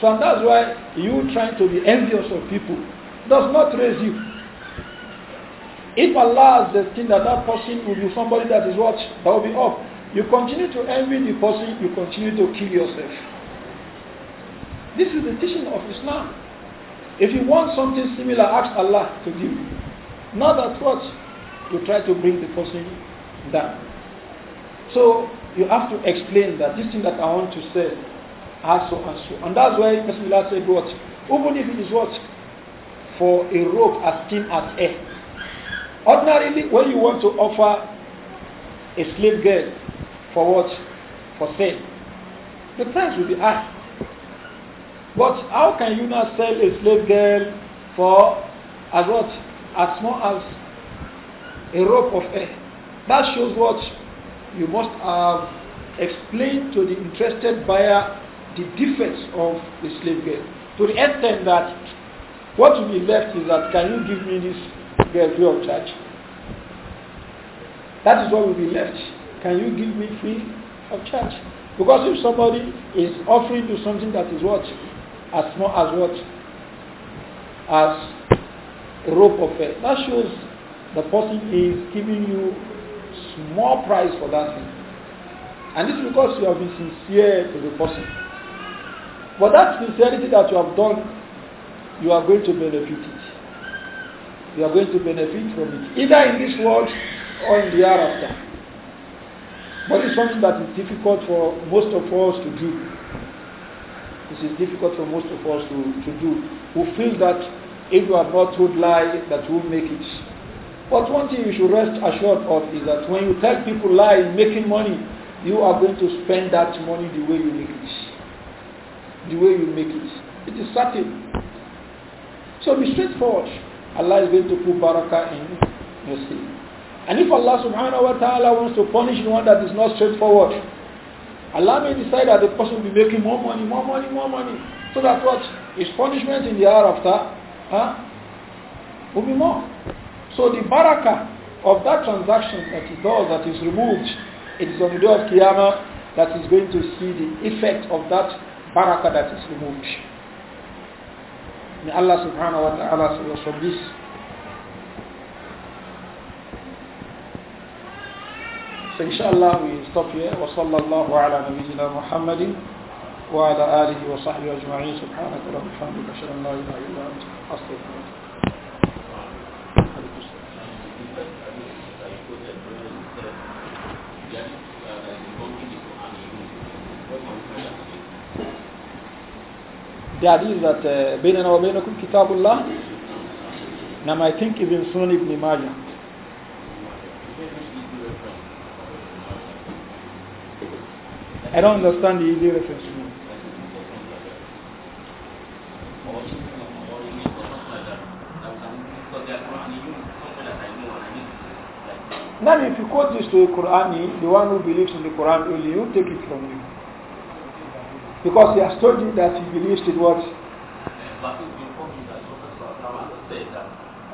So and that's why you trying to be envious of people does not raise you. If Allah has destined that that person will be somebody that is what? That will be up. You continue to envy the person, you continue to kill yourself. This is the teaching of Islam. If you want something similar, ask Allah to give you. Not that what you try to bring the person down. So you have to explain that this thing that I want to say, has so and so. And that's why Bismillah said what? Even if it is what? For a rope as thin as air. Ordinarily, when you want to offer a slave girl for what? For sale. The price will be high. But how can you not sell a slave girl for as what? As small as a rope of hair? That shows what you must have explained to the interested buyer the defects of the slave girl. To the extent that what will be left is that can you give me this girl free of charge? That is what will be left can you give me free of charge? Because if somebody is offering you something that is what? As small as what? As a rope of it. That shows the person is giving you small price for that thing. And it's because you have been sincere to the person. But that sincerity that you have done, you are going to benefit it. You are going to benefit from it, either in this world or in the hereafter. But it's something that is difficult for most of us to do. This is difficult for most of us to, to do. Who feel that if you are not told lie, that you will make it. But one thing you should rest assured of is that when you tell people lie making money, you are going to spend that money the way you make it. The way you make it. It is certain. So be straightforward. Allah is going to put barakah in your seed. And if Allah subhanahu wa ta'ala wants to punish the one that is not straightforward, Allah may decide that the person will be making more money, more money, more money. So that what? His punishment in the hereafter huh, will be more. So the barakah of that transaction that he does, that is removed, it is on the day of Qiyamah that is going to see the effect of that barakah that is removed. May Allah subhanahu wa ta'ala from this. So inshallah we stop here. Wa sallallahu ala nabiyyina Muhammadin wa ala alihi wa sahbihi ajma'in. Subhanaka wa bihamdika ashhadu an la ilaha illa anta astaghfiruka The hadith that بيننا وبينكم كتاب الله. Now I think Ibn Sunan Ibn Majah I don't understand the Hebrew reference to me. Now, if you quote this to a Qurani, the one who believes in the Quran only, he'll take it from you. Because he has told you that he believes in what?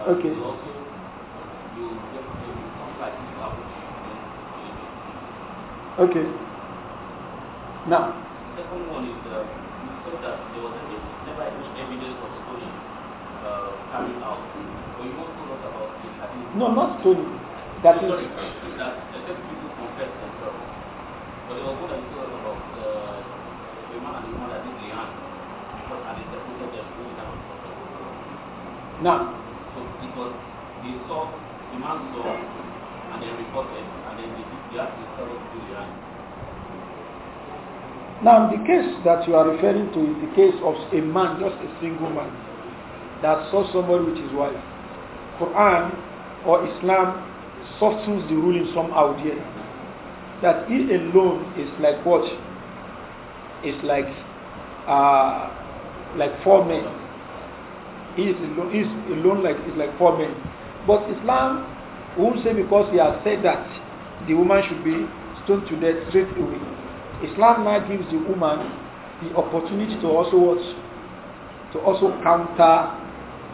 Okay. Okay. Now, second one is uh, you said that there was never any evidence of stoning uh, carried out. But you also talked about the hadith. No, not stoning. That is. that except people confess themselves. But there was one that you talked about uh, a man and a woman that did the hand because and separated them through the time Now. So it was they saw the man saw and they reported and then they did the act to do the hand. Now, the case that you are referring to is the case of a man, just a single man, that saw somebody with his wife. Quran or Islam softens the ruling somehow there. That he alone is like what? It's like uh, like four men. He is alone, is alone like is like four men. But Islam won't say because he has said that the woman should be stoned to death straight away. Islam now gives the woman the opportunity to also watch, to also counter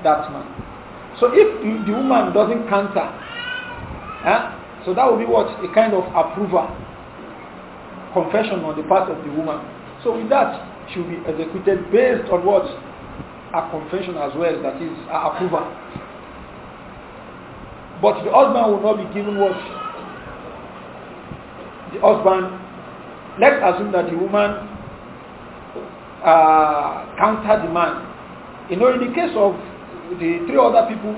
that man. So if the, the woman doesn't counter, eh, so that will be what? A kind of approval, confession on the part of the woman. So with that, she will be executed based on what? A confession as well, that is her approval. But the husband will not be given what? The husband Let's assume that the woman uh, countered the man. You know, in the case of the three other people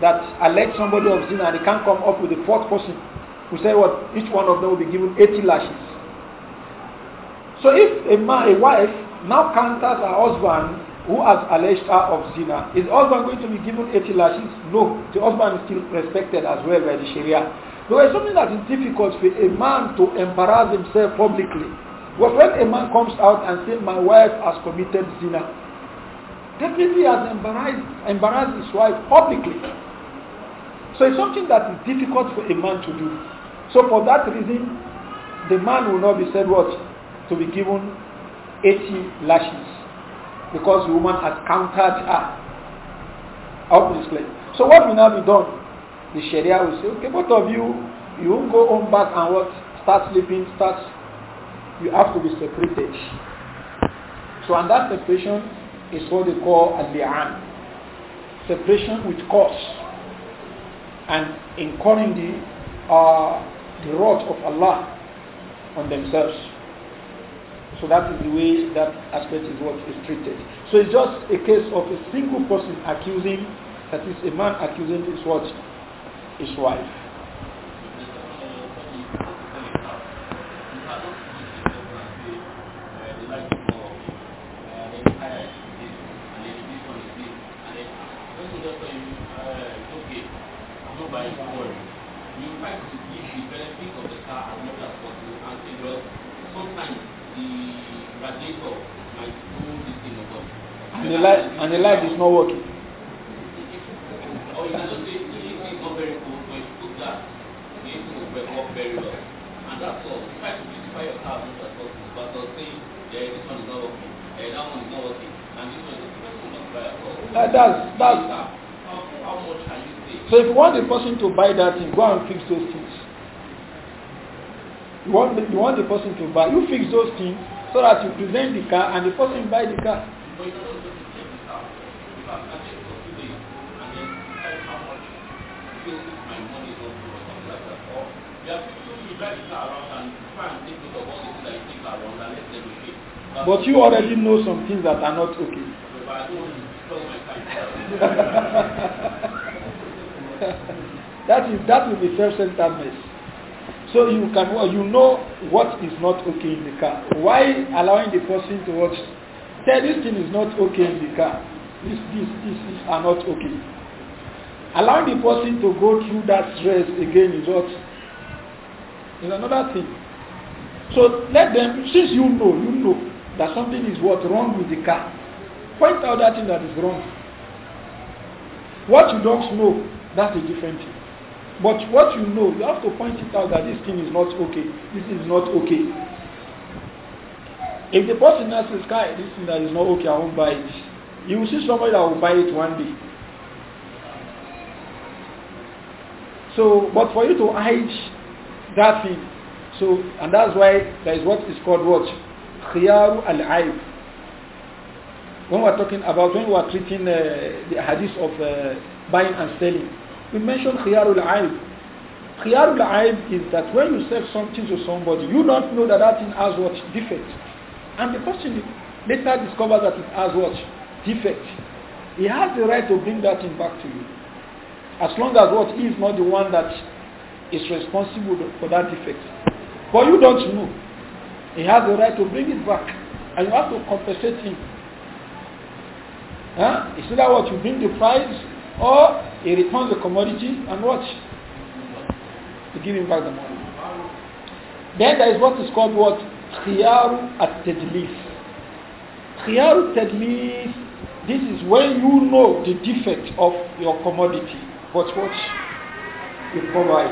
that alleged somebody of sin and they can't come up with the fourth person, Who say what each one of them will be given 80 lashes. So if a man, a wife, now counters her husband who has alleged her of zina, is husband going to be given 80 lashes? No, the husband is still respected as well by the Sharia. There was something that is difficult for a man to embarrass himself publicly. But when a man comes out and says, my wife has committed sin, definitely has embarrassed, embarrassed his wife publicly. So it's something that is difficult for a man to do. So for that reason, the man will not be said what? To be given 80 lashes. Because the woman has countered her. I hope this clear. So what will now be done? the Sharia will say, okay, both of you, you won't go home back and what? Start sleeping, start. You have to be separated. So, and that separation is what they call al-li'an. Separation with cause and incurring the, uh, the wrath of Allah on themselves. So that is the way that aspect is what is treated. So it's just a case of a single person accusing, that is a man accusing his wife his wife. And the light, and the light is not working. So if you want the person to buy that thing, go and fix those things. You want, you want the person to buy, you fix those things so that you present the car and the person buy the car. But you already know some things that are not okay. that is that will be self-centeredness. So you can uh, you know what is not okay in the car. Why allowing the person to watch? Tell this thing is not okay in the car. This this this, are not okay. Allowing the person to go through that stress again is what is another thing. So let them since you know you know that something is what wrong with the car. Point out that thing that is wrong. What you don't know that's a different thing. But what you know, you have to point it out that this thing is not okay. This is not okay. If the person now says, Guy, this thing that is not okay, I won't buy it. You will see somebody that will buy it one day. So, but for you to hide that thing, so, and that's why there is what is called what? Khiyaru al-aib. When we are talking about, when we are treating uh, the hadith of uh, buying and selling, we mentioned khiyarul aib. Khiyarul aib is that when you sell something to somebody, you don't know that that thing has what defect. And the person later discovers that it has what defect. He has the right to bring that thing back to you. As long as what he is not the one that is responsible for that defect. But you don't know. He has the right to bring it back. And you have to compensate him. Huh? It's that what you bring the price or he returns the commodity and what? To give him back the money. Then there is what is called what? Khiyaru at-tadlif. Khiyaru at this is when you know the defect of your commodity, but what? You cover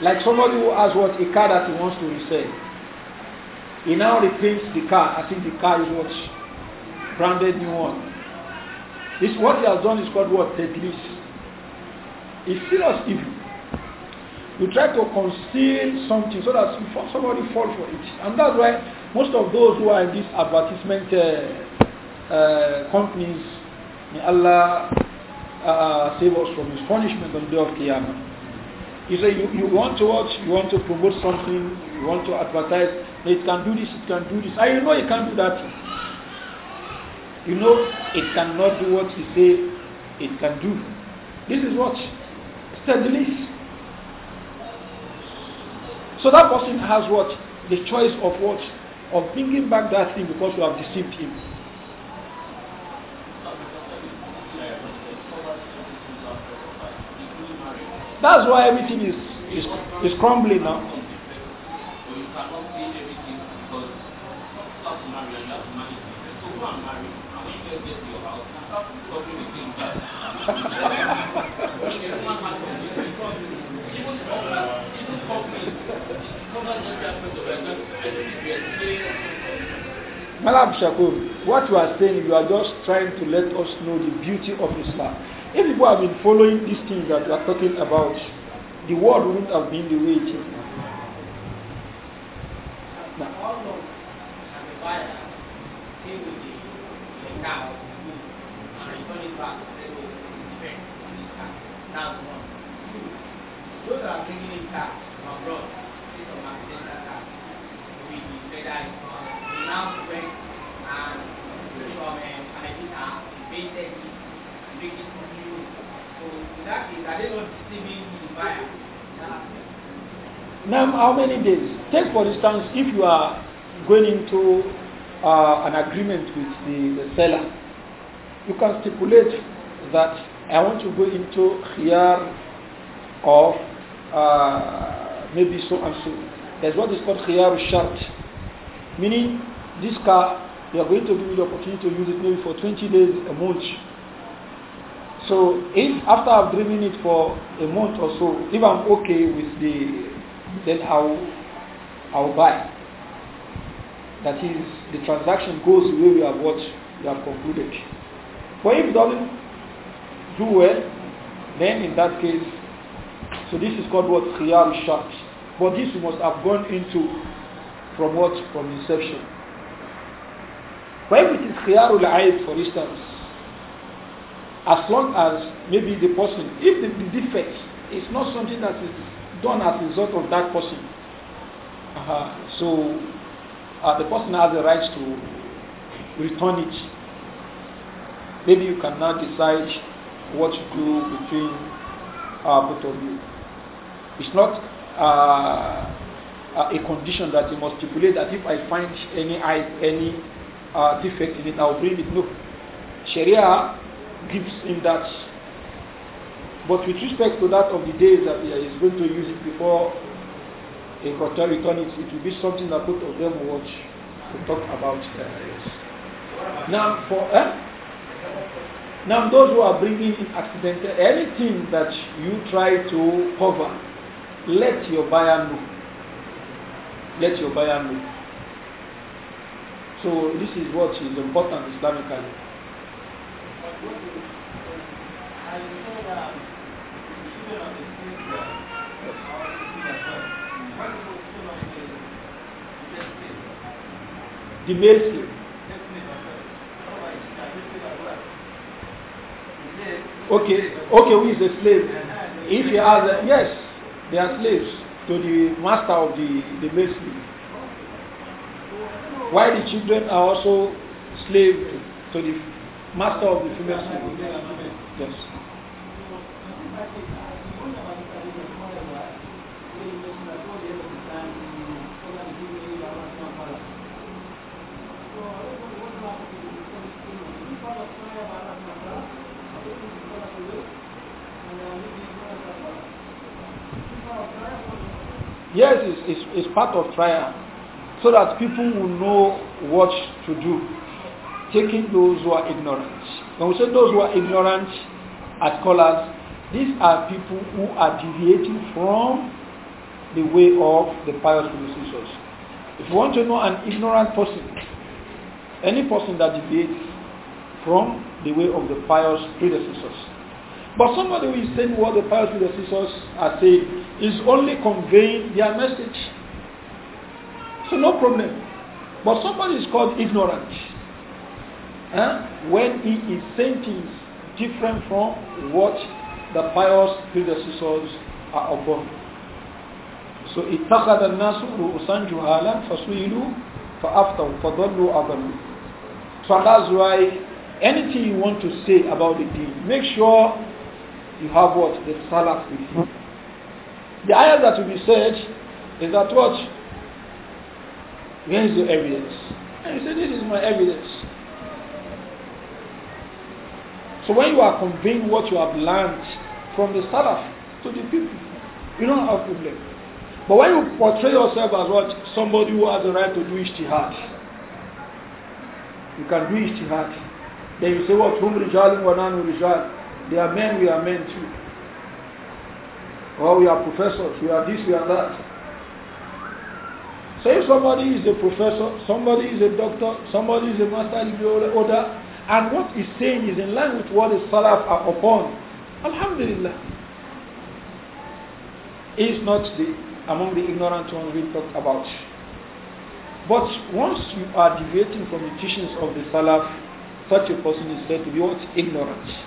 Like somebody who has what? A car that he wants to resell. He now repaints the car as if the car is what? Branded new one it's what he has done is called what? Teclis. It's serious evil. You try to conceal something so that somebody fall for it. And that's why most of those who are in these advertisement uh, uh, companies, may Allah uh, uh, save us from his punishment on the day of Qiyamah. You say you, you want to watch, you want to promote something, you want to advertise, it can do this, it can do this. I know it can do that. You know, it cannot do what you say it can do. This is what? Stabilis. So that person has what? The choice of what? Of bringing back that thing because you have deceived him. That's why everything is, is, is crumbling now. You cannot say everything because you have you have to manage. So Malam Shakur, what you are saying, you are just trying to let us know the beauty of Islam. If people have been following these things that you are talking about, the world wouldn't have been the way it is now. now cow and return it back to say, oh, it's fair, this cow. That's one. Two, those that are bringing in cows from abroad, say from Alexandria cow, with the feather is on, we now spread and from Alexandria, painted it, and make it from you. So in that case, are they not deceiving the buyer? Now, how many days? Take for instance, if you are going into uh, an agreement with the, the, seller, you can stipulate that I want to go into khiyar of uh, maybe so and so. That's what is called khiyar shart, meaning this car you are going to give me the opportunity to use it maybe for 20 days, a month. So if after I've driven it for a month or so, if I'm okay with the, then I'll, I'll buy. That is, the transaction goes the way we have what we have concluded. But if it doesn't do well, then in that case, so this is called what khiyar shart. But this must have gone into from what? From inception. But if it is khiyarul aib, for instance, as long as maybe the person, if the, the defect is not something that is done as a result of that person, uh -huh. so uh, the person has the right to return it. Maybe you cannot decide what to do between uh, both of you. It's not uh, a condition that you must stipulate that if I find any any uh, defect in it, I'll bring it. No, Sharia gives him that. But with respect to that of the days that he is going to use it before in Qatar return it, it will be something that both of them will watch to talk about. Uh, now, for eh? now those who are bringing in accidental anything that you try to cover, let your buyer know. Let your buyer know. So this is what is important Islamically. Uh, the slave. Okay, okay, who is a slave? If he has, a, yes, they are slaves to the master of the, the slave. Why the children are also slaves to the master of the female slave? Yes. Yes, it's, it's, it's part of trial so that people will know what to do, taking those who are ignorant. When we say those who are ignorant are scholars, these are people who are deviating from the way of the pious predecessors. If you want to know an ignorant person, any person that deviates from the way of the pious predecessors, but somebody who is saying what the pious predecessors are saying is only conveying their message. So no problem. But somebody is called ignorant eh? when he is saying things different from what the pious predecessors are upon. So اتخذ الناس رؤوسا جهالا فسئلوا فأفتوا فضلوا أضلوا. So that's why anything you want to say about the deen, make sure you have what? The salah with you. The ayah that will be said is that what? Where is your evidence? And you say, this is my evidence. So when you are conveying what you have learned from the Salaf to the people, you don't have problem. But when you portray yourself as what? Somebody who has the right to do ishtihad. You can do ishtihad. Then you say what? Hum rijalun wa nanu rijal. They are men, we are men too. Or we are professors, we are this, we are that. So if somebody is a professor, somebody is a doctor, somebody is a master degree order, and what he's saying is in line with what the Salaf are upon, Alhamdulillah. is not the, among the ignorant ones we talked about. But once you are deviating from the teachings of the Salaf, such a person is said to be what? Ignorant.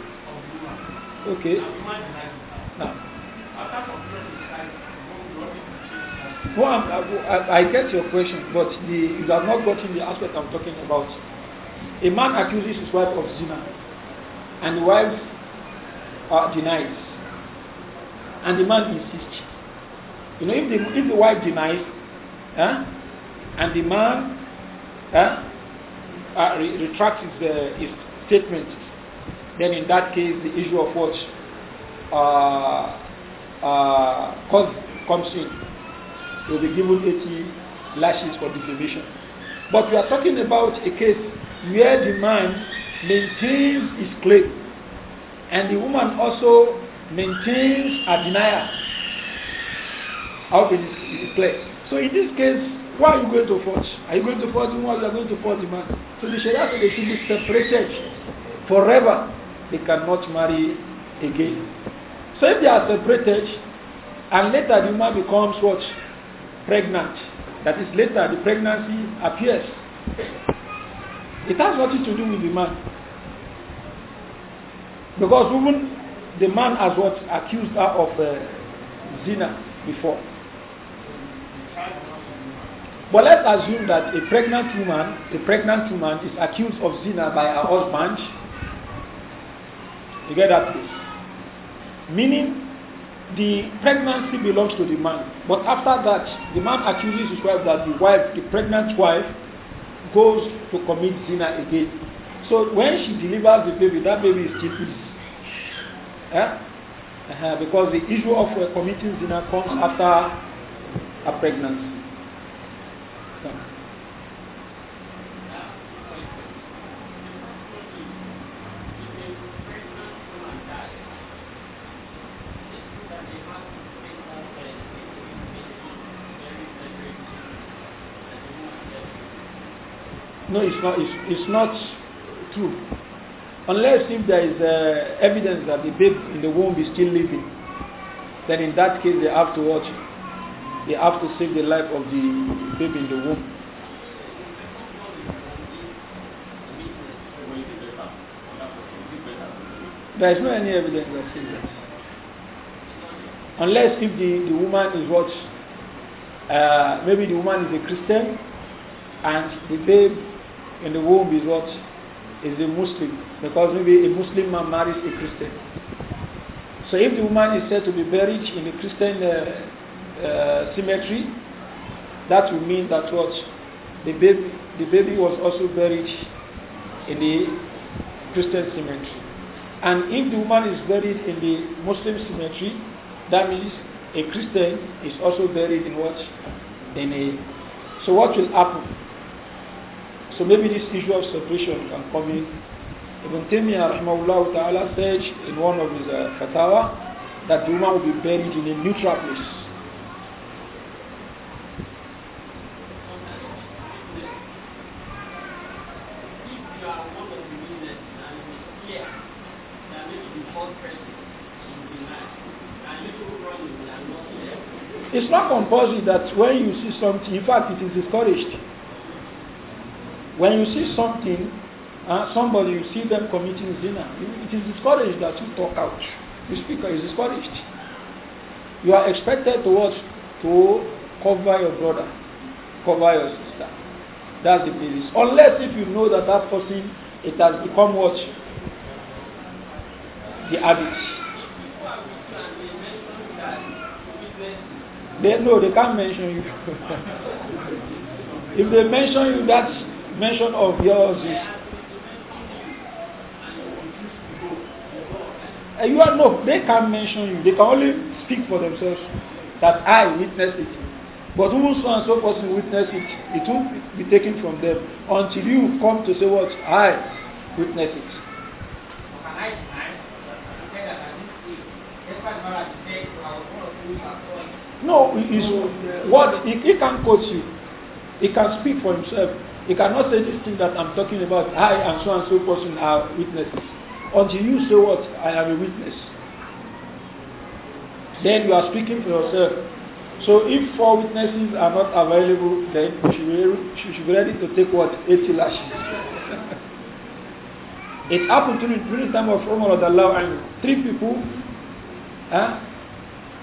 Okay. Now. I, I, I get your question, but the, you have not gotten the aspect I'm talking about. A man accuses his wife of zina, and the wife uh, denies, and the man insists. You know, if the, if the wife denies, eh, and the man eh, uh, retracts his, uh, his statement, then in that case the issue of what uh, uh, cause comes in. will be given 80 lashes for defamation. But we are talking about a case where the man maintains his claim and the woman also maintains a denial of his claim. So in this case, why are you going to forge? Are you going to forge the woman? or are you going to forge the man. So the Sharia said they should be separated forever they cannot marry again. So if they are separated and later the woman becomes what? Pregnant. That is later the pregnancy appears. It has nothing to do with the man. Because woman, the man has what accused her of uh, zina before. But let's assume that a pregnant woman, a pregnant woman is accused of zina by her husband you get that place? Meaning, the pregnancy belongs to the man. But after that, the man accuses his wife that the wife, the pregnant wife, goes to commit zina again. So when she delivers the baby, that baby is still his. Yeah? Uh -huh. Because the issue of uh, committing zina comes after a pregnancy. No, it's not, it's, it's not true. Unless if there is uh, evidence that the babe in the womb is still living, then in that case they have to watch. They have to save the life of the babe in the womb. There is no any evidence that says that. Unless if the, the woman is what? Uh, maybe the woman is a Christian and the babe in the womb is what? Is a Muslim. Because maybe a Muslim man marries a Christian. So if the woman is said to be buried in a Christian uh, uh, cemetery, that will mean that what? The baby, the baby was also buried in the Christian cemetery. And if the woman is buried in the Muslim cemetery, that means a Christian is also buried in what? In a. So what will happen? So maybe this issue of separation can come in. Ibn Taymiyyah rahimahullah ta'ala said in one of his uh, fatawa that the woman will be buried in a neutral place. It's not compulsory that when you see something, in fact, it is discouraged. When you see something, uh, somebody, you see them committing zina, it is discouraged that you talk out. The speaker is discouraged. You are expected to what? To cover your brother, cover your sister. That's the basis. Unless if you know that that person, it has become what? The habit. They know they can't mention you. if they mention you, that's mention of yours is. Uh, you are no, they can mention you. They can only speak for themselves that I witnessed it. But who so and so person witnessed it, it will be taken from them until you come to say what I witnessed it. No, it is what he, he can quote you. He can speak for himself. You cannot say this thing that I'm talking about, I and so and so person are witnesses. Until you say what? I am a witness. Then you are speaking for yourself. So if four witnesses are not available, then she should be ready to take what? 80 lashes. it happened during, during the time of Umar and three people huh,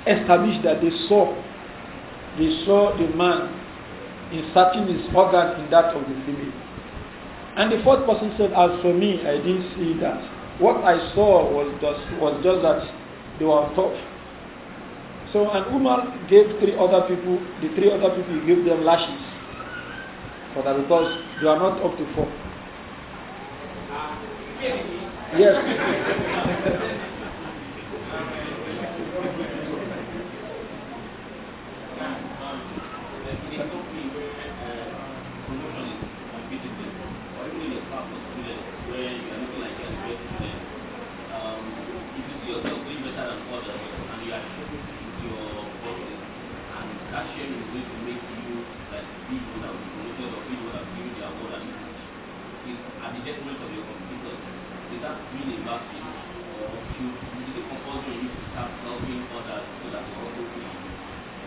established that they saw they saw the man is searching his organ in that of the female. And the fourth person said, as for me, I didn't see that. What I saw was just, was just that they were tough. So, and Umar gave three other people, the three other people, he gave them lashes. For that, because they are not up to four. Yes.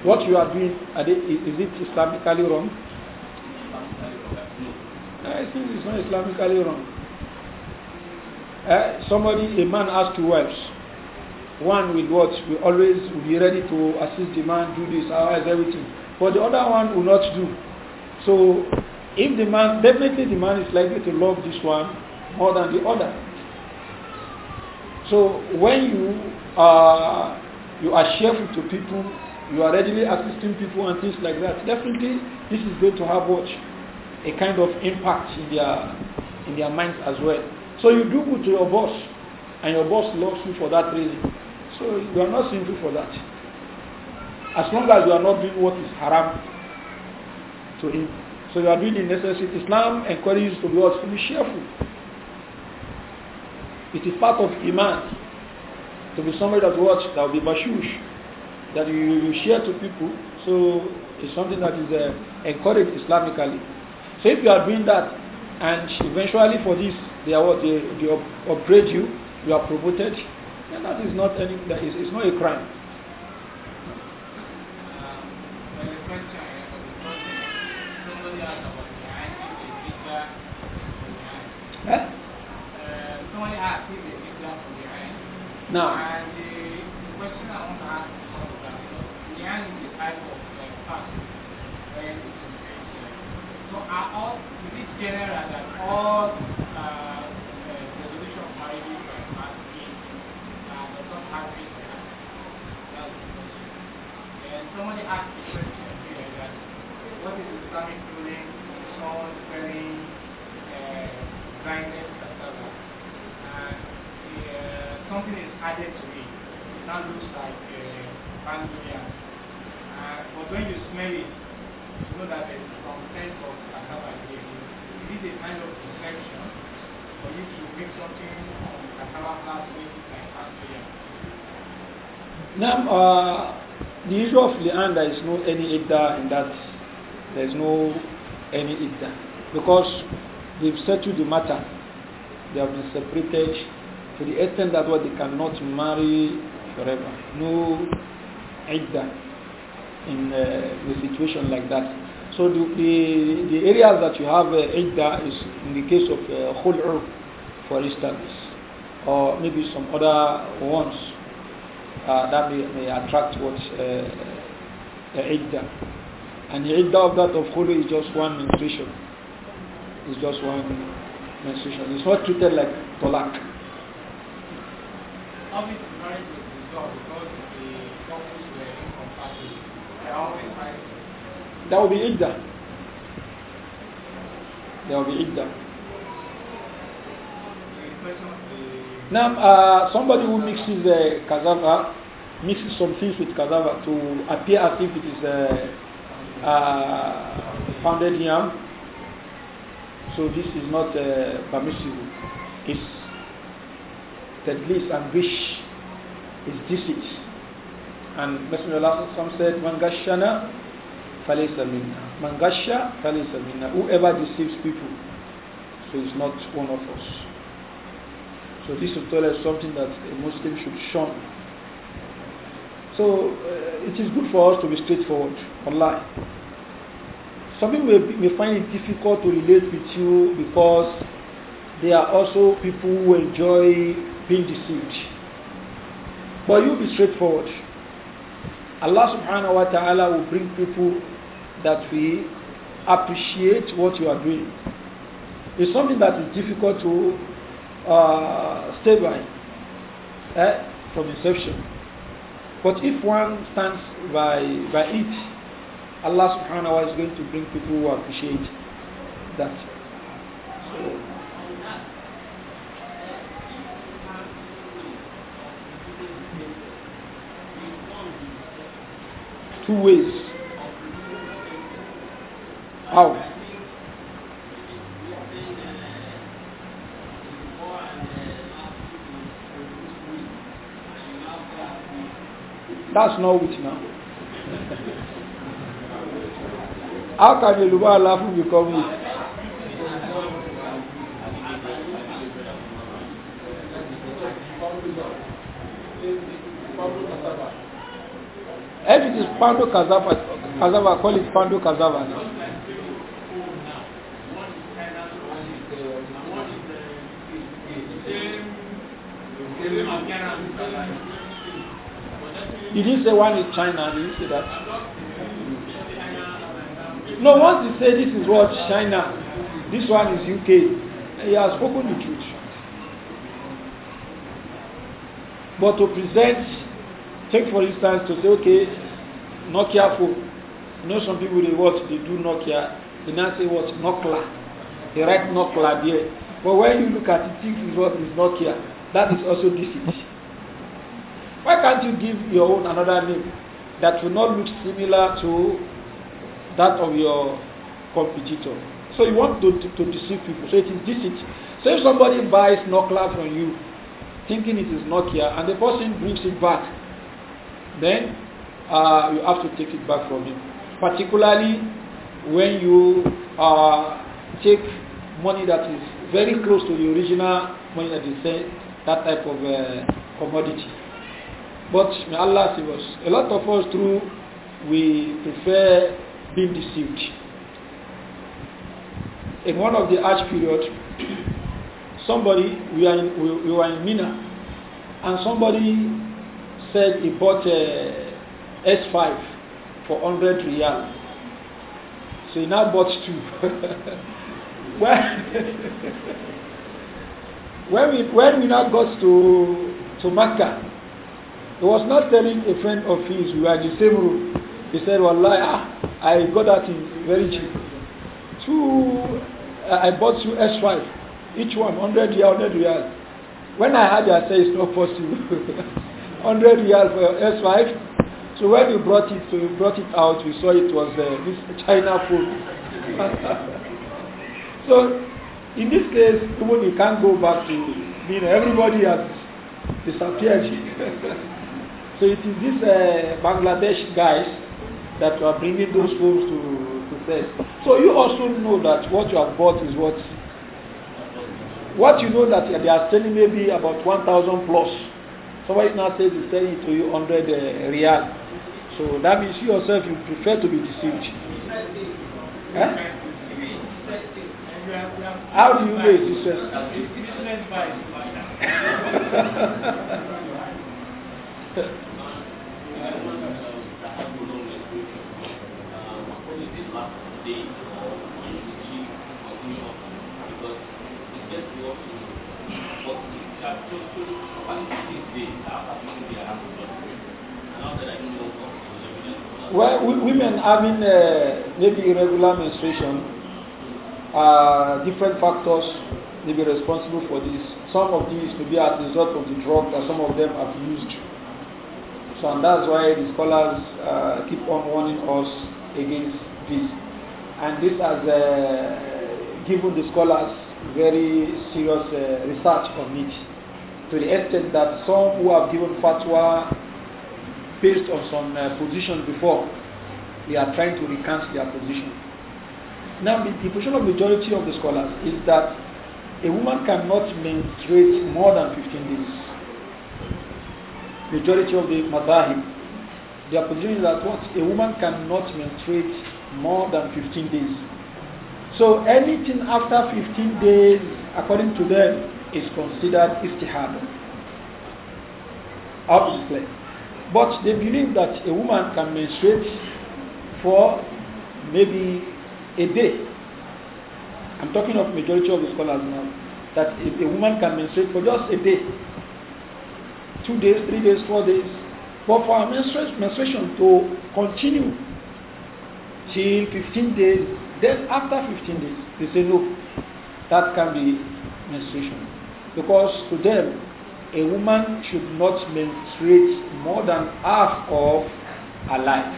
What you are doing, are they, is it Islamically wrong? Eh, I think it's not Islamically wrong. Uh, somebody, a man has two wives. One with what? Will always be ready to assist the man, do this, otherwise everything. But the other one will not do. So if the man, definitely the man is likely to love this one more than the other. So when you are, you are cheerful to people you are readily assisting people and things like that, definitely this is going to have what? A kind of impact in their, in their minds as well. So you do good to your boss and your boss loves you for that reason. So you are not sinful for that. As long as you are not doing what is haram to him. So you are doing the necessary. Islam encourages to be what? To be cheerful. It is part of Iman to be somebody that watch that will be bashush that you, you share to people. So it's something that is uh, encouraged Islamically. So if you are doing that, and eventually for this they are what they, they upgrade you, you are promoted, then that is not any that is it's not a crime. Uh, now, and the question I want to ask behind the type of like, it is So are all, is it general that all uh, uh, resolution of marriages by past uh, does not have the question. And somebody asked the question here that what is Islamic ruling on someone selling uh, blindness cassava? And uh, something is added to it. It now looks like uh, bandolier. Uh, but when you smell it, you know that there is some sense of cassava here. Is it a kind of infection for you to make something on cassava plant when it's like bacteria? Now, uh, the issue of Leander is no any idda in that. There is no any idda. Because they've settled the matter. They have been separated to the extent that what they cannot marry forever. No idda in uh, the situation like that. So the, the, the areas that you have uh, idda is in the case of uh, for instance, or maybe some other ones uh, that may, may, attract what uh, uh idda. And the idda of that of Khul'ur is just one menstruation. It's just one menstruation. It's not treated like polak. Obviously, is because that will be idda. That will be idda. Now, uh, somebody who mixes uh, cassava, mixes some things with cassava to appear as if it is uh, uh, pounded yam. So this is not uh, permissible. It's least and wish. It's deceit. And Messenger of Allah some said, Man gashana minna. Man minna. Whoever deceives people, so he's not one of us. So this tell us something that a Muslim should shun. So uh, it is good for us to be straightforward online. Some people may, may find it difficult to relate with you because they are also people who enjoy being deceived. But you be straightforward Allah subhanahu wa ta'ala will bring people that we appreciate what you are doing. It's something that is difficult to uh, stay by eh, from inception. But if one stands by, by it, Allah subhanahu wa ta'ala is going to bring people who appreciate that. So, two ways. How? That's not it now. How can the Yoruba Alafu become it? Thank you. If it is Pando cassava, cassava call it Pando cassava. You didn't say one is China, did you say that? No, once you say this is what China, this one is UK, he has spoken the truth. But to present take for instance to say, okay, Nokia phone. You know some people they watch, they do Nokia, they now say what Nokia. They write Nokia there. But when you look at it, think is what is Nokia. That is also deceit. Why can't you give your own another name that will not look similar to that of your competitor? So you want to, to, to deceive people. So it is deceit. So if somebody buys Nokia from you, thinking it is Nokia, and the person brings it back, then uh, you have to take it back from him. Particularly when you uh, take money that is very close to the original money that is sent, that type of uh, commodity. But may Allah save us. A lot of us through we prefer being deceived. In one of the arch period, somebody we, are in, we, we were in Mina, and somebody said he bought a S5 for 100 riyal. So he now bought two. when, when, we, when we now got to, to Makkah, he was not telling a friend of his, we were in the same room. He said, Wallahi, ah, I got that in very cheap. Two, I bought two S5, each one 100 riyal, 100 riyal. When I had it, I said, it's not possible. 100 years for your ex-wife. So when you brought it, so you brought it out, We saw it was uh, this China food. so in this case, even you can't go back to, you know, everybody has disappeared. so it is these uh, Bangladesh guys that are bringing those foods to, to sell. So you also know that what you have bought is what what you know that they are selling maybe about 1,000 plus Somebody now says he's selling to you 100 uh, real. So that means you yourself, you prefer to be deceived. Huh? Eh? How do you know it's you Well, women having uh, maybe irregular menstruation, different factors may be responsible for this. Some of these may be as a result of the drug that some of them have used. So, and that's why the scholars uh, keep on warning us against this. And this has uh, given the scholars very serious uh, research on it to the extent that some who have given fatwa based on some uh, position before, they are trying to recant their position. Now, the, the position of majority of the scholars is that a woman cannot menstruate more than 15 days. Majority of the madahib, their position is that what? A woman cannot menstruate more than 15 days. So anything after 15 days, according to them, is considered istihab. Obviously, But they believe that a woman can menstruate for maybe a day. I'm talking of majority of the scholars now. That a woman can menstruate for just a day. Two days, three days, four days. But for menstruation to continue till 15 days, then after 15 days, they say no, that can be menstruation. Because to them, a woman should not menstruate more than half of her life.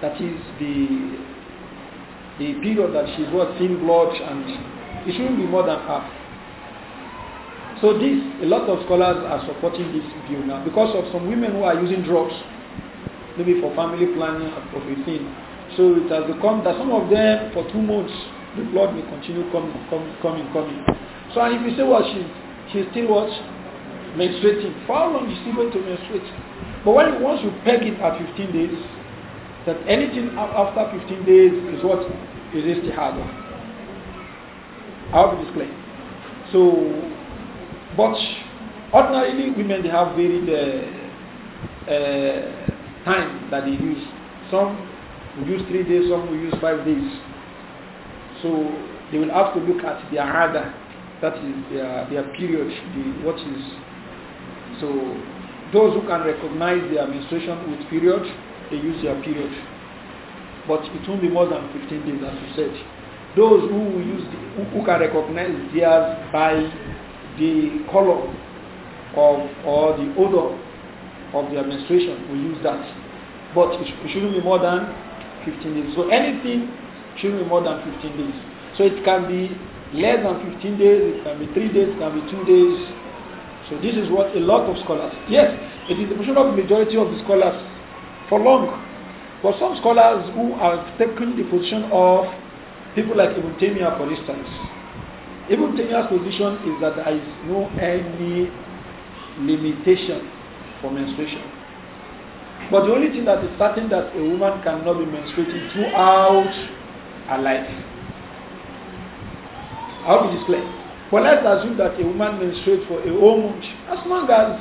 That is the the period that she was in blood and it shouldn't be more than half. So this, a lot of scholars are supporting this view now because of some women who are using drugs, maybe for family planning or for thing. So it has become that some of them for two months the blood may continue coming, coming, coming. coming. So if you say well she she's still what? Menstruating. For how long is she going to menstruate? But when once you peg it at 15 days, that anything after 15 days is what is istihada. I hope it is clear. So, but ordinarily women they have varied uh, uh, time that they use. Some will use three days, some will use five days. So they will have to look at their other that is their, their period, the, what is. So those who can recognize their menstruation with period, they use their period. But it won't be more than 15 days, as you said. Those who use, the, who, who can recognize theirs by the color of or the odor of their menstruation, we use that. But it, it shouldn't be more than 15 days. So anything shouldn't be more than 15 days. So it can be less than 15 days, it can be 3 days, it can be 2 days. So this is what a lot of scholars, yes, it is the position of the majority of the scholars for long. But some scholars who have taken the position of people like Ibn Taymiyyah for instance, Ibn Taymiyyah's position is that there is no any limitation for menstruation. But the only thing that is certain that a woman cannot be menstruating throughout her life. How hope you explain? But let's assume that a woman menstruates for a whole month. As long as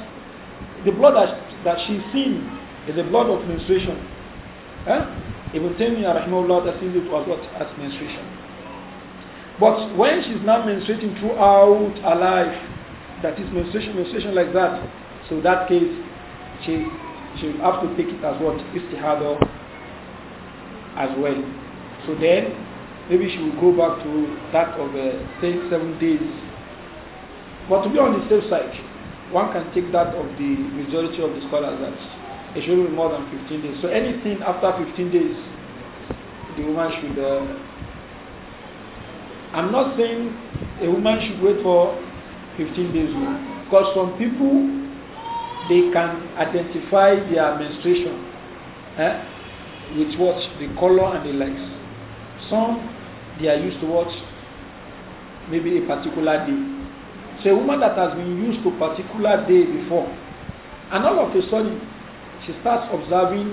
the blood that, that she's seen is the blood of menstruation. Eh? Ibn Taymiyyah rahimahullah that sees it as what? As menstruation. But when she's not menstruating throughout her life, that is menstruation, menstruation like that, so that case, she, she will have to take it as what? Istihada as well. So then, maybe she will go back to that of uh, say seven days. But to be on the safe side, one can take that of the majority of the scholars that it should be more than 15 days. So anything after 15 days, the woman should. Uh, I'm not saying a woman should wait for 15 days, because some people they can identify their menstruation eh, with what the color and the likes. Some they are used to what? Maybe a particular day. So a woman that has been used to a particular day before, and all of a sudden, she starts observing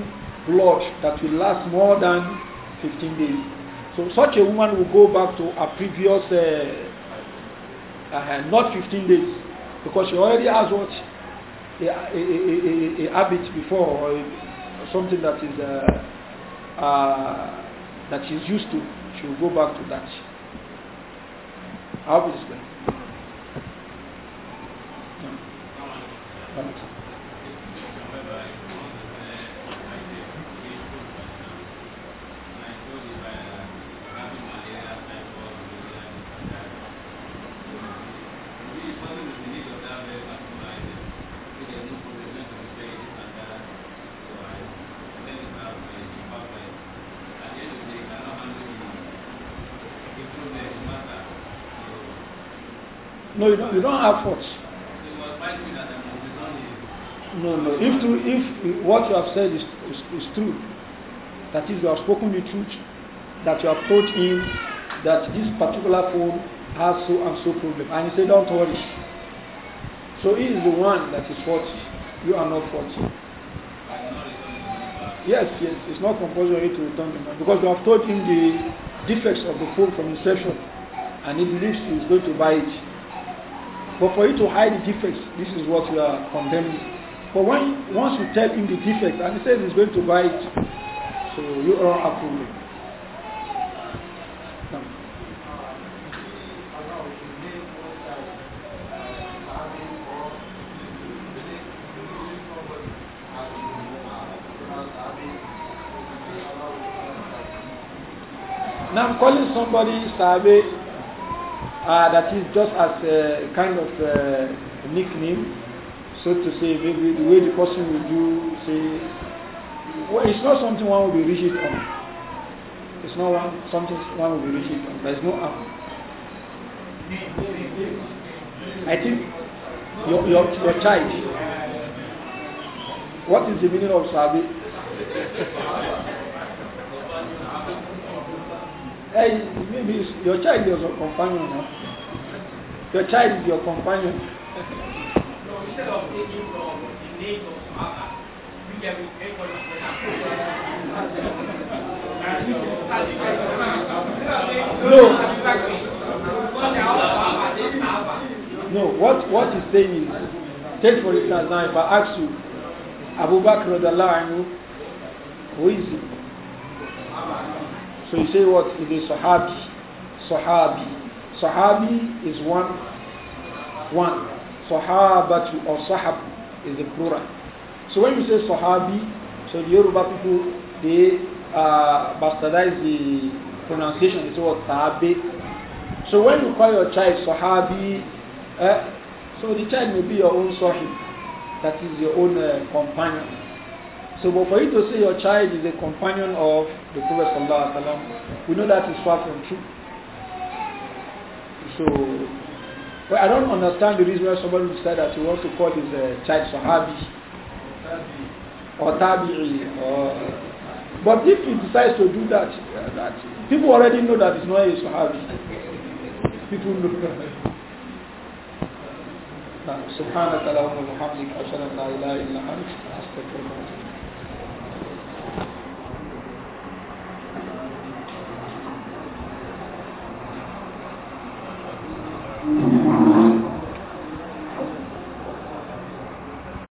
blood that will last more than 15 days. So such a woman will go back to a previous, uh, uh, uh, not 15 days, because she already has what a, a, a, a habit before or something that is uh, uh, that she's used to she will go back to that. I hope it's clear. No, you don't, you don't have faults. No, no. If, true, if what you have said is, is, is true, that is, you have spoken the truth, that you have told him that this particular phone has so and so problem, and he said, don't worry. So he is the one that is faulty. You are not faulty. Yes, yes, it's not compulsory to return the money because you have told him the defects of the phone from inception, and he believes he is going to buy it. But for you to hide the defects, this is what you are condemning. But when, once you tell him the defect and he says he's going to buy it, so you are approving. Now I'm calling somebody Sabe Uh, that is just as a uh, kind of uh, a nickname, so to say, maybe the way the person will do, say, well, it's not something one will be rigid on. It's not one, something one will be rigid on. There's no I think your, your, your child, what is the meaning of Sabi? Hey, maybe your child is your companion now. Your child is your companion. no, instead of taking from the name of Abba, you can be no. No, what what he's saying is, take for instance now if I ask you, Abu Bakr who is he? So you say what it is, Sahabi? Sahabi. Sahabi is one. One. Sahabatu or Sahab is the plural. So when you say Sahabi, so the Yoruba people, they uh, bastardize the pronunciation. They say what Sahabi. So when you call your child Sahabi, eh, so the child may be your own Sahib. That is your own uh, companion. So, but for you to say your child is a companion of the Prophet Sallallahu we know that is far from true. So, but I don't understand the reason why somebody would say that he wants to call his uh, child Sahabi or Tabi'i. Or, but if he decides to do that, uh, that people already know that it's not a Sahabi. People know that. سبحانك اللهم وبحمدك أشهد أن لا إله إلا أنت أستغفرك Amen.